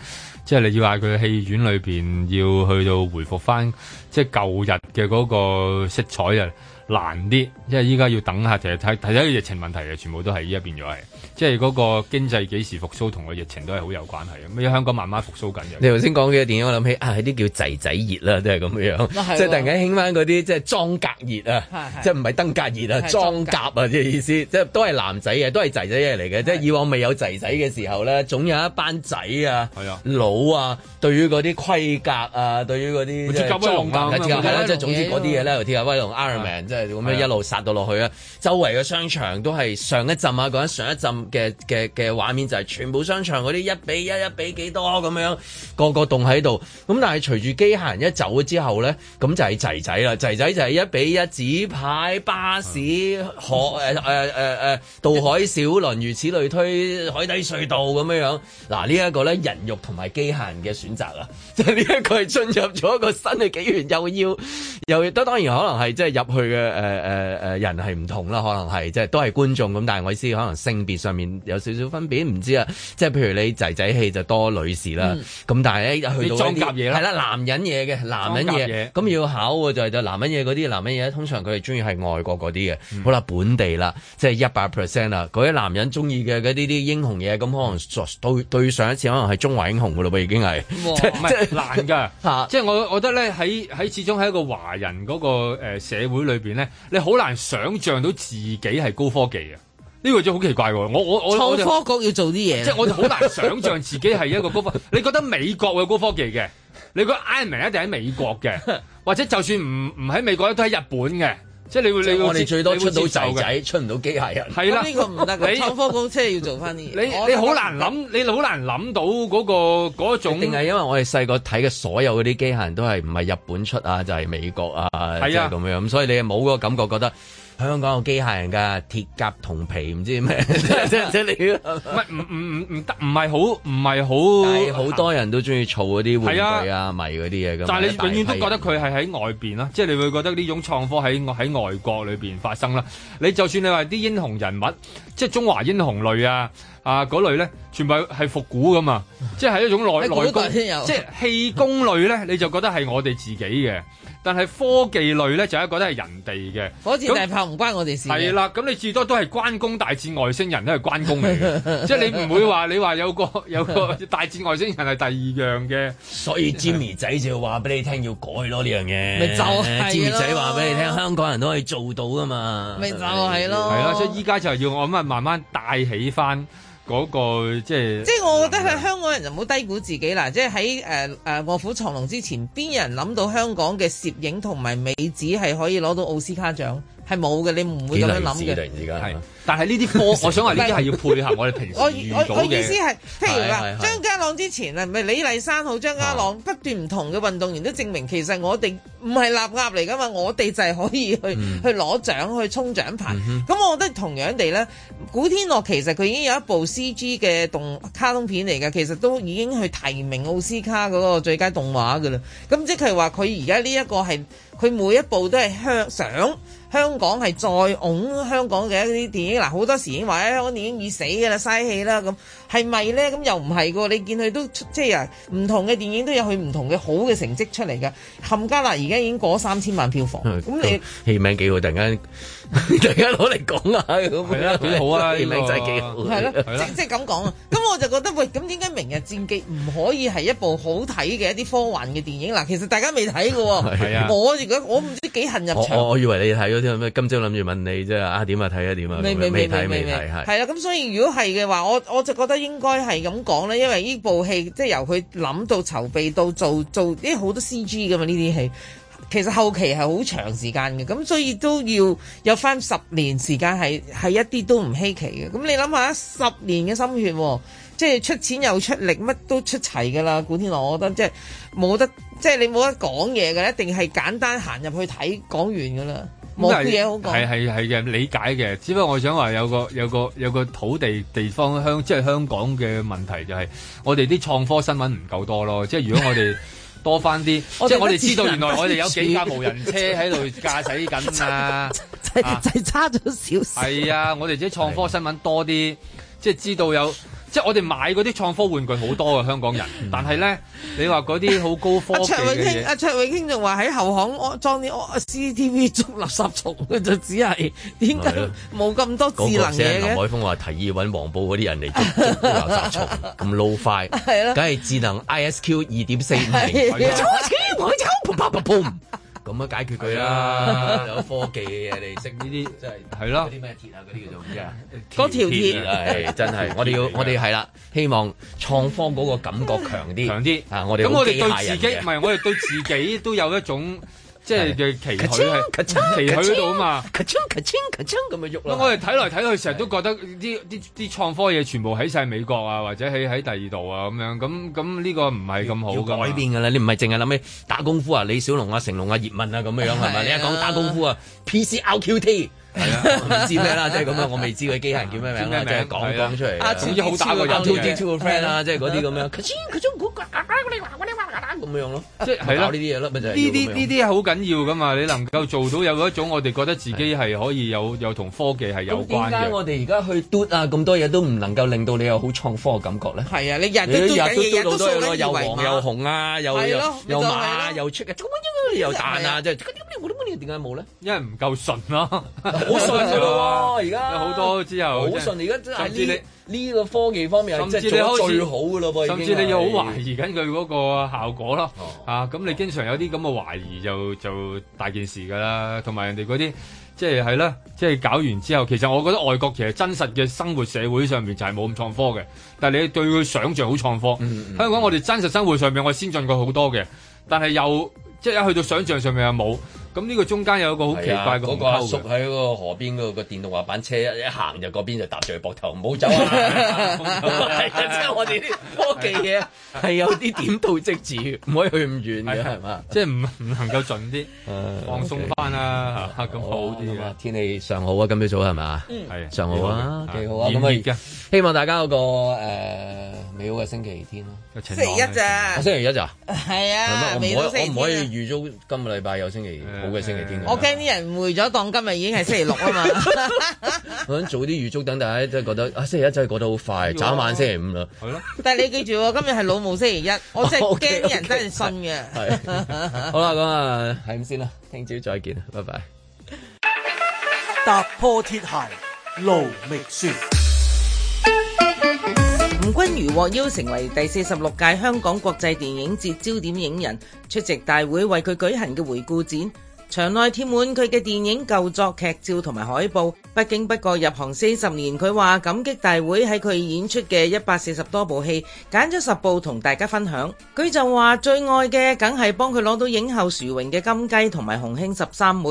即係、就是、你要話佢戲院裏邊要去到回復翻即係舊日嘅嗰個色彩啊。難啲，因為依家要等下，其實睇睇睇個疫情問題啊，全部都係依家變咗係。即係嗰個經濟幾時復甦，同個疫情都係好有關係。咁香港慢慢復甦緊嘅。你頭先講嘅電影，我諗起啊，係啲叫仔仔熱啦，都係咁樣樣。即係突然間興翻嗰啲，即係裝格熱啊，即係唔係登革熱啊，裝甲啊，即係意思，即係都係男仔嘢，都係仔仔嘢嚟嘅。即係以往未有仔仔嘅時候咧，總有一班仔啊、佬啊，對於嗰啲規格啊，對於嗰啲即總之嗰啲嘢咧，又鐵甲威龍、Iron Man，即係咁樣一路殺到落去啊。周圍嘅商場都係上一陣啊，講上一陣。嘅嘅嘅畫面就係全部商場啲一比一、一比幾多咁樣，個個棟喺度。咁但係隨住機械人一走咗之後咧，咁就係仔仔啦。仔仔就係一比一紙牌、巴士、海誒誒誒誒渡海小輪，如此類推，海底隧道咁樣樣，嗱、啊，這個、呢一個咧人肉同埋機械人嘅選擇啊，即係呢一個係進入咗一個新嘅紀元，又要又亦都當然可能係即係入去嘅誒誒誒人係唔同啦，可能係即係都係觀眾咁，但係我意思可能性別上面。有少少分別，唔知啊，即係譬如你仔仔戲就多女士啦，咁、嗯、但係咧又去到係啦，男人嘢嘅男人嘢，咁要考喎，就係就男人嘢嗰啲男人嘢，通常佢係中意係外國嗰啲嘅，嗯、好啦，本地啦，即係一百 percent 啦，嗰啲男人中意嘅嗰啲啲英雄嘢，咁可能對對上一次可能係中華英雄噶咯噃，已經係即係難噶吓，即係我我覺得咧喺喺始終喺一個華人嗰個誒社會裏邊咧，你好難想象到自己係高科技嘅。呢個就好奇怪喎！我我我，創科局要做啲嘢。即係我哋好難想像自己係一個高科技。你覺得美國嘅高科技嘅？你個 Ironman 一定喺美國嘅，或者就算唔唔喺美國都喺日本嘅。即係你會你會，我哋最多出到仔仔，出唔到機械人。係啦，邊個唔得，創科局真係要做翻啲嘢。你你好難諗，你好難諗到嗰個嗰種。定係因為我哋細個睇嘅所有嗰啲機械人都係唔係日本出啊，就係美國啊，即係咁樣。咁所以你係冇個感覺覺得。香港有機械人㗎，鐵甲銅皮唔知咩，即係即係你唔唔唔唔得，唔係好唔係好，好多人都中意儲嗰啲玩具啊、迷嗰啲嘢咁。但係你永遠都覺得佢係喺外邊啦，即係你會覺得呢種創科喺喺外國裏邊發生啦。你就算你話啲英雄人物，即係中華英雄類啊啊嗰類咧，全部係復古噶嘛，即係一種內內功即係氣功類咧，你就覺得係我哋自己嘅。但係科技類咧，就係覺得係人哋嘅火箭大炮唔關我哋事。係、嗯、啦，咁你至多都係關公大戰外星人都係關公嚟嘅， <laughs> 即係你唔會話你話有個有個大戰外星人係第二樣嘅。所以 Jimmy 仔就要話俾你聽要改咯呢樣嘢。咪就係 Jimmy 仔話俾你聽，香港人都可以做到噶嘛。咪、 <laughs> 嗯、就係、是、咯。係 <laughs> 啦，所以依家就要我咁啊，慢慢帶起翻。嗰、那個、就是、即係，即係我覺得香港人就唔好低估自己啦。即係喺誒誒臥虎藏龍之前，邊有人諗到香港嘅攝影同埋美指係可以攞到奧斯卡獎？係冇嘅，你唔會咁樣諗嘅。但係呢啲科我想話呢啲係要配合我哋平時 <laughs> 我我，我意思係，譬如話是張家朗之前係咪是李麗珊，好張家朗不斷唔同嘅運動員都證明，其實我哋唔係立鴨嚟㗎嘛，我哋就係可以去、嗯、去攞獎，去衝獎牌。咁、嗯、哼我覺得同樣地咧，古天樂其實佢已經有一部 C G 嘅動卡通片嚟嘅，其實都已經去提名奧斯卡嗰個最佳動畫㗎啦。咁即係話佢而家呢一個係佢每一部都係向想。香港係再擁香港嘅一啲電影，嗱好多時已經話喺、哎、香港電影已死㗎啦，嘥氣啦咁，係咪咧？咁又唔係喎，你見佢都即係啊，唔同嘅電影都有佢唔同嘅好嘅成績出嚟㗎。冚家辣而家已經過三千萬票房，咁、嗯、你戲名幾好，突然間。大家攞嚟講下咁樣，好啊，靚仔幾好。係咯，即係咁講啊。咁我就覺得，喂，咁點解《明日戰記》唔可以係一部好睇嘅一啲科幻嘅電影？嗱，其實大家未睇喎。我如果我唔知幾恨入場。我以為你睇嗰啲，咁今朝諗住問你即係啊，點啊睇下點啊，未未未未睇，係。係啦，咁所以如果係嘅話，我我就覺得應該係咁講咧，因為呢部戲即係由佢諗到籌備到做做，啲好多 C G 噶嘛呢啲戲。其實後期係好長時間嘅，咁所以都要有返十年時間係係一啲都唔稀奇嘅。咁你諗下，十年嘅心血，即係出錢又出力，乜都出齊㗎啦。古天樂，我覺得即係冇得，即係你冇得講嘢嘅，一定係簡單行入去睇講完㗎啦，冇嘢是好講。係係係嘅理解嘅，只不過我想話有個有個有個土地地方香，即係香港嘅問題就係、是、我哋啲創科新聞唔夠多咯。即係如果我哋 <laughs> 多翻啲，即係我哋知道，原來我哋有幾架無人車喺度駕駛緊啊！ <laughs> 就係、就係、差咗少少。係啊！我哋自己創科新聞多啲，即係的知道有。即係我哋買嗰啲創科玩具好多嘅香港人，但係咧，你話嗰啲好高科技嘅嘢，阿卓永興，阿卓永興仲話喺後巷安裝啲 C C T V 捉垃圾蟲，就只係，點解冇咁多智能嘢嘅？那個、林海峰話提議揾黃埔嗰啲人嚟捉， <laughs> 捉，捉垃圾蟲，咁老快，係啦，梗係智能 I S Q 二點四五零。咁樣解決佢啦，啊、有科技嘅嘢嚟識呢啲，即係係咯。嗰啲咩鐵啊，嗰啲叫做咩啊？嗰 <laughs> 條,條鐵 <laughs> 真係，我哋要我哋係啦，希望創科嗰個感覺強啲， <laughs> 強啲些啊！我哋咁我哋對自己，唔係我哋對自己都有一種。 <laughs> 即係嘅崎嶇係崎嶇嗰度啊嘛，咁啊喐啦！咁我哋睇嚟睇去成日都覺得啲啲啲創科嘢全部喺晒美國啊，或者喺喺第二度啊咁樣，咁咁呢個唔係咁好要。要改變㗎啦！你唔係淨係諗起打功夫啊，李小龍啊、成龍啊、葉問啊咁樣樣係嘛的？你一講打功夫啊，PCRQT。係啊，唔知咩啦，即係咁樣，我未知佢機械人叫咩名啦，即係講講出嚟。啊，總之好打過個 friend 啦，即係嗰啲咁樣。佢先，佢將嗰個嗰啲話，嗰啲話啊打咁樣咯。即係係咯，呢啲嘢咯，咪就係呢啲呢啲好緊要噶嘛。你能夠做到有一種我哋覺得自己係可以有有同科技係有關嘅。咁點解我哋而家去嘟啊咁多嘢都唔能夠令到你有好創科嘅感覺咧？係啊，你日日嘟好多嘢又黃又紅啊。又彈啊，即係點解冇咧，因為唔夠純咯好信啫喎！而家好多之後，好信而家真係呢？呢個科技方面係即係做最好噶咯噃，甚至你要好，好甚至你懷疑緊佢嗰個效果咯。哦、啊，咁你經常有啲咁嘅懷疑就就大件事㗎啦。同埋人哋嗰啲即係係啦，即係搞完之後，其實我覺得外國其實真實嘅生活社會上面就係冇咁創科嘅，但係你對佢想象好創科。嗯嗯、香港我哋真實生活上面，我先進過好多嘅，但係又。即係一去到想像上面又冇，咁呢個中間有一個好奇怪嘅叔，喺個河邊個個電動滑板車一行，就嗰邊就搭住佢膊頭，唔好走啊！係啊，即係我哋啲科技嘢係有啲點到即止，唔可以去咁遠嘅係嘛？即係唔唔能夠準啲，放鬆翻啦嚇，咁好啲嘅天氣尚好啊，今日早係嘛？係尚好啊，幾好啊！咁啊而家希望大家嗰個誒。好嘅星期天咯，啊，啊、星期一咋？星期一咋？係啊，未、啊、我唔可、啊、可以預祝今個禮拜有星期好嘅星期天、啊。啊啊啊、我驚啲人回咗當今日已經係星期六啊嘛！ <laughs> <laughs> 我想早啲預祝，等大家真係覺得啊，星期一真係過得好快，早、啊、晚星期五啦、啊。係咯對吧。 <laughs> 但係你記住，今日係老母星期一，我真係驚啲人真係信嘅。係。好啦，咁啊，係咁先啦，聽朝再見，拜拜。踏破鐵鞋路未説。吳君如獲邀成為第四十六屆香港國際電影節焦點影人，出席大會為佢舉行嘅回顧展。場內貼滿佢嘅電影舊作劇照同埋海報，不經不覺入行四十年，佢話感激大會喺佢演出嘅一百四十多部戲，揀咗十部同大家分享。佢就話最愛嘅梗係幫佢攞到影后殊榮嘅《金雞》同埋《洪興十三妹》，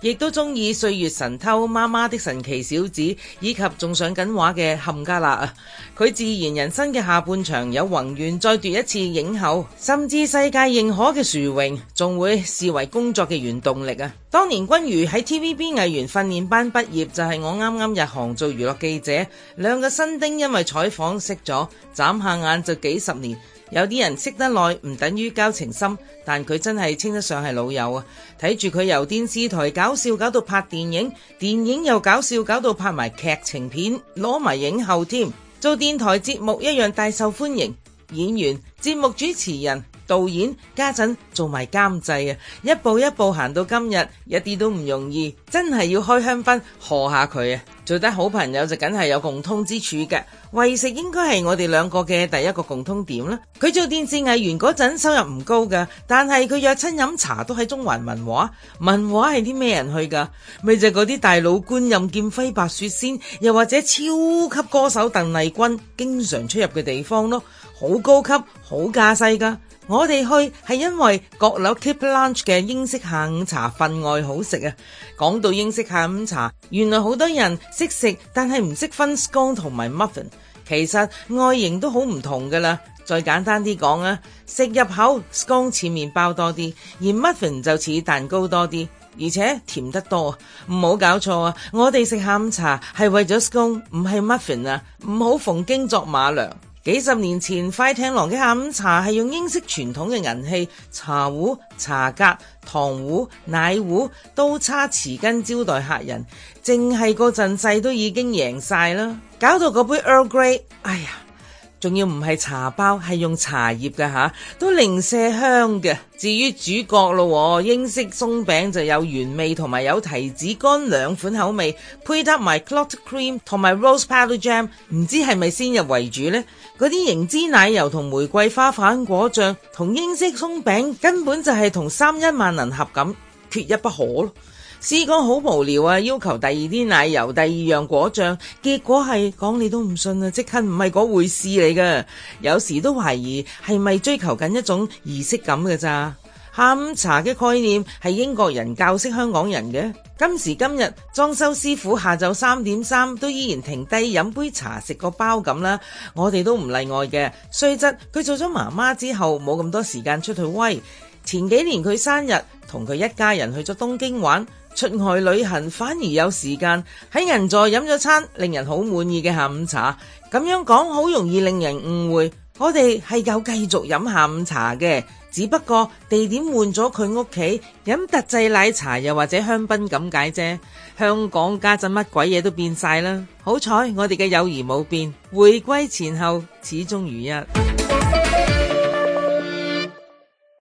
亦都中意《歲月神偷》、《媽媽的神奇小子》以及仲上緊畫嘅《冚家辣》。佢自然人生嘅下半場有宏願，再奪一次影后，甚至世界認可嘅殊榮，仲會視為工作嘅原動力。當年君如喺 TVB 藝員訓練班畢業，就係我啱啱入行做娛樂記者。兩個新丁因為採訪識咗，眨下眼，就幾十年。有啲人識得耐唔等於交情深，但佢真係稱得上係老友啊！睇住佢由電視台搞笑搞到拍電影，電影又搞笑搞到拍埋劇情片，攞埋影后添，做電台節目一樣大受歡迎，演員、節目主持人、導演家陣做埋監製啊，一步一步行到今日，一啲都唔容易，真係要開香檳賀下佢啊！做得好朋友就梗係有共通之處嘅。為食應該係我哋兩個嘅第一個共通點啦。佢做電視藝員嗰陣收入唔高噶，但係佢約親飲茶都喺中環文華，文華係啲咩人去噶？咪就係嗰啲大老倌任劍輝、白雪仙，又或者超級歌手鄧麗君經常出入嘅地方咯，好高級，好架勢噶。我哋去係因為閣樓 Keep Lunch 嘅英式下午茶份外好食啊！講到英式下午茶，原來好多人識食，但係唔識分 scone 同埋 muffin。其實外形都好唔同㗎喇。再簡單啲講啊，食入口 scone 似麵包多啲，而 muffin 就似蛋糕多啲，而且甜得多。唔好搞錯啊！我哋食下午茶係為咗 scone，唔係 muffin 啊！唔好馮京作馬涼。幾十年前快艇廊嘅下午茶係用英式傳統嘅銀器茶壺、茶格、糖壺、奶壺、刀叉、匙羹招待客人，淨係個陣勢都已經贏晒啦！搞到嗰杯 Earl Grey，哎呀，仲要唔係茶包，係用茶葉嘅吓，都零舍香嘅。至於主角咯，英式鬆餅就有原味同埋有提子乾兩款口味，配搭埋 Clotted Cream 同埋 Rose Petal Jam，唔知係咪先入為主呢？嗰啲凝脂奶油同玫瑰花瓣果醬同英式鬆餅根本就係同三一萬能合咁缺一不可囉。試過好無聊啊，要求第二啲奶油、第二樣果醬，結果係講你都唔信啊，即刻唔係嗰回事嚟噶。有時都懷疑係咪追求緊一種儀式感㗎咋？下午茶嘅概念係英國人教識香港人嘅。今時今日，裝修師傅下晝三點三都依然停低飲杯茶食個包咁啦，我哋都唔例外嘅。雖則佢做咗媽媽之後冇咁多時間出去威，前幾年佢生日同佢一家人去咗東京玩，出外旅行反而有時間喺銀座飲咗餐令人好滿意嘅下午茶。咁樣講好容易令人誤會，我哋係有繼續飲下午茶嘅。只不過地點換咗佢屋企，飲特製奶茶又或者香檳咁解啫。香港家陣乜鬼嘢都變晒啦，好彩我哋嘅友誼冇變，回歸前後始終如一。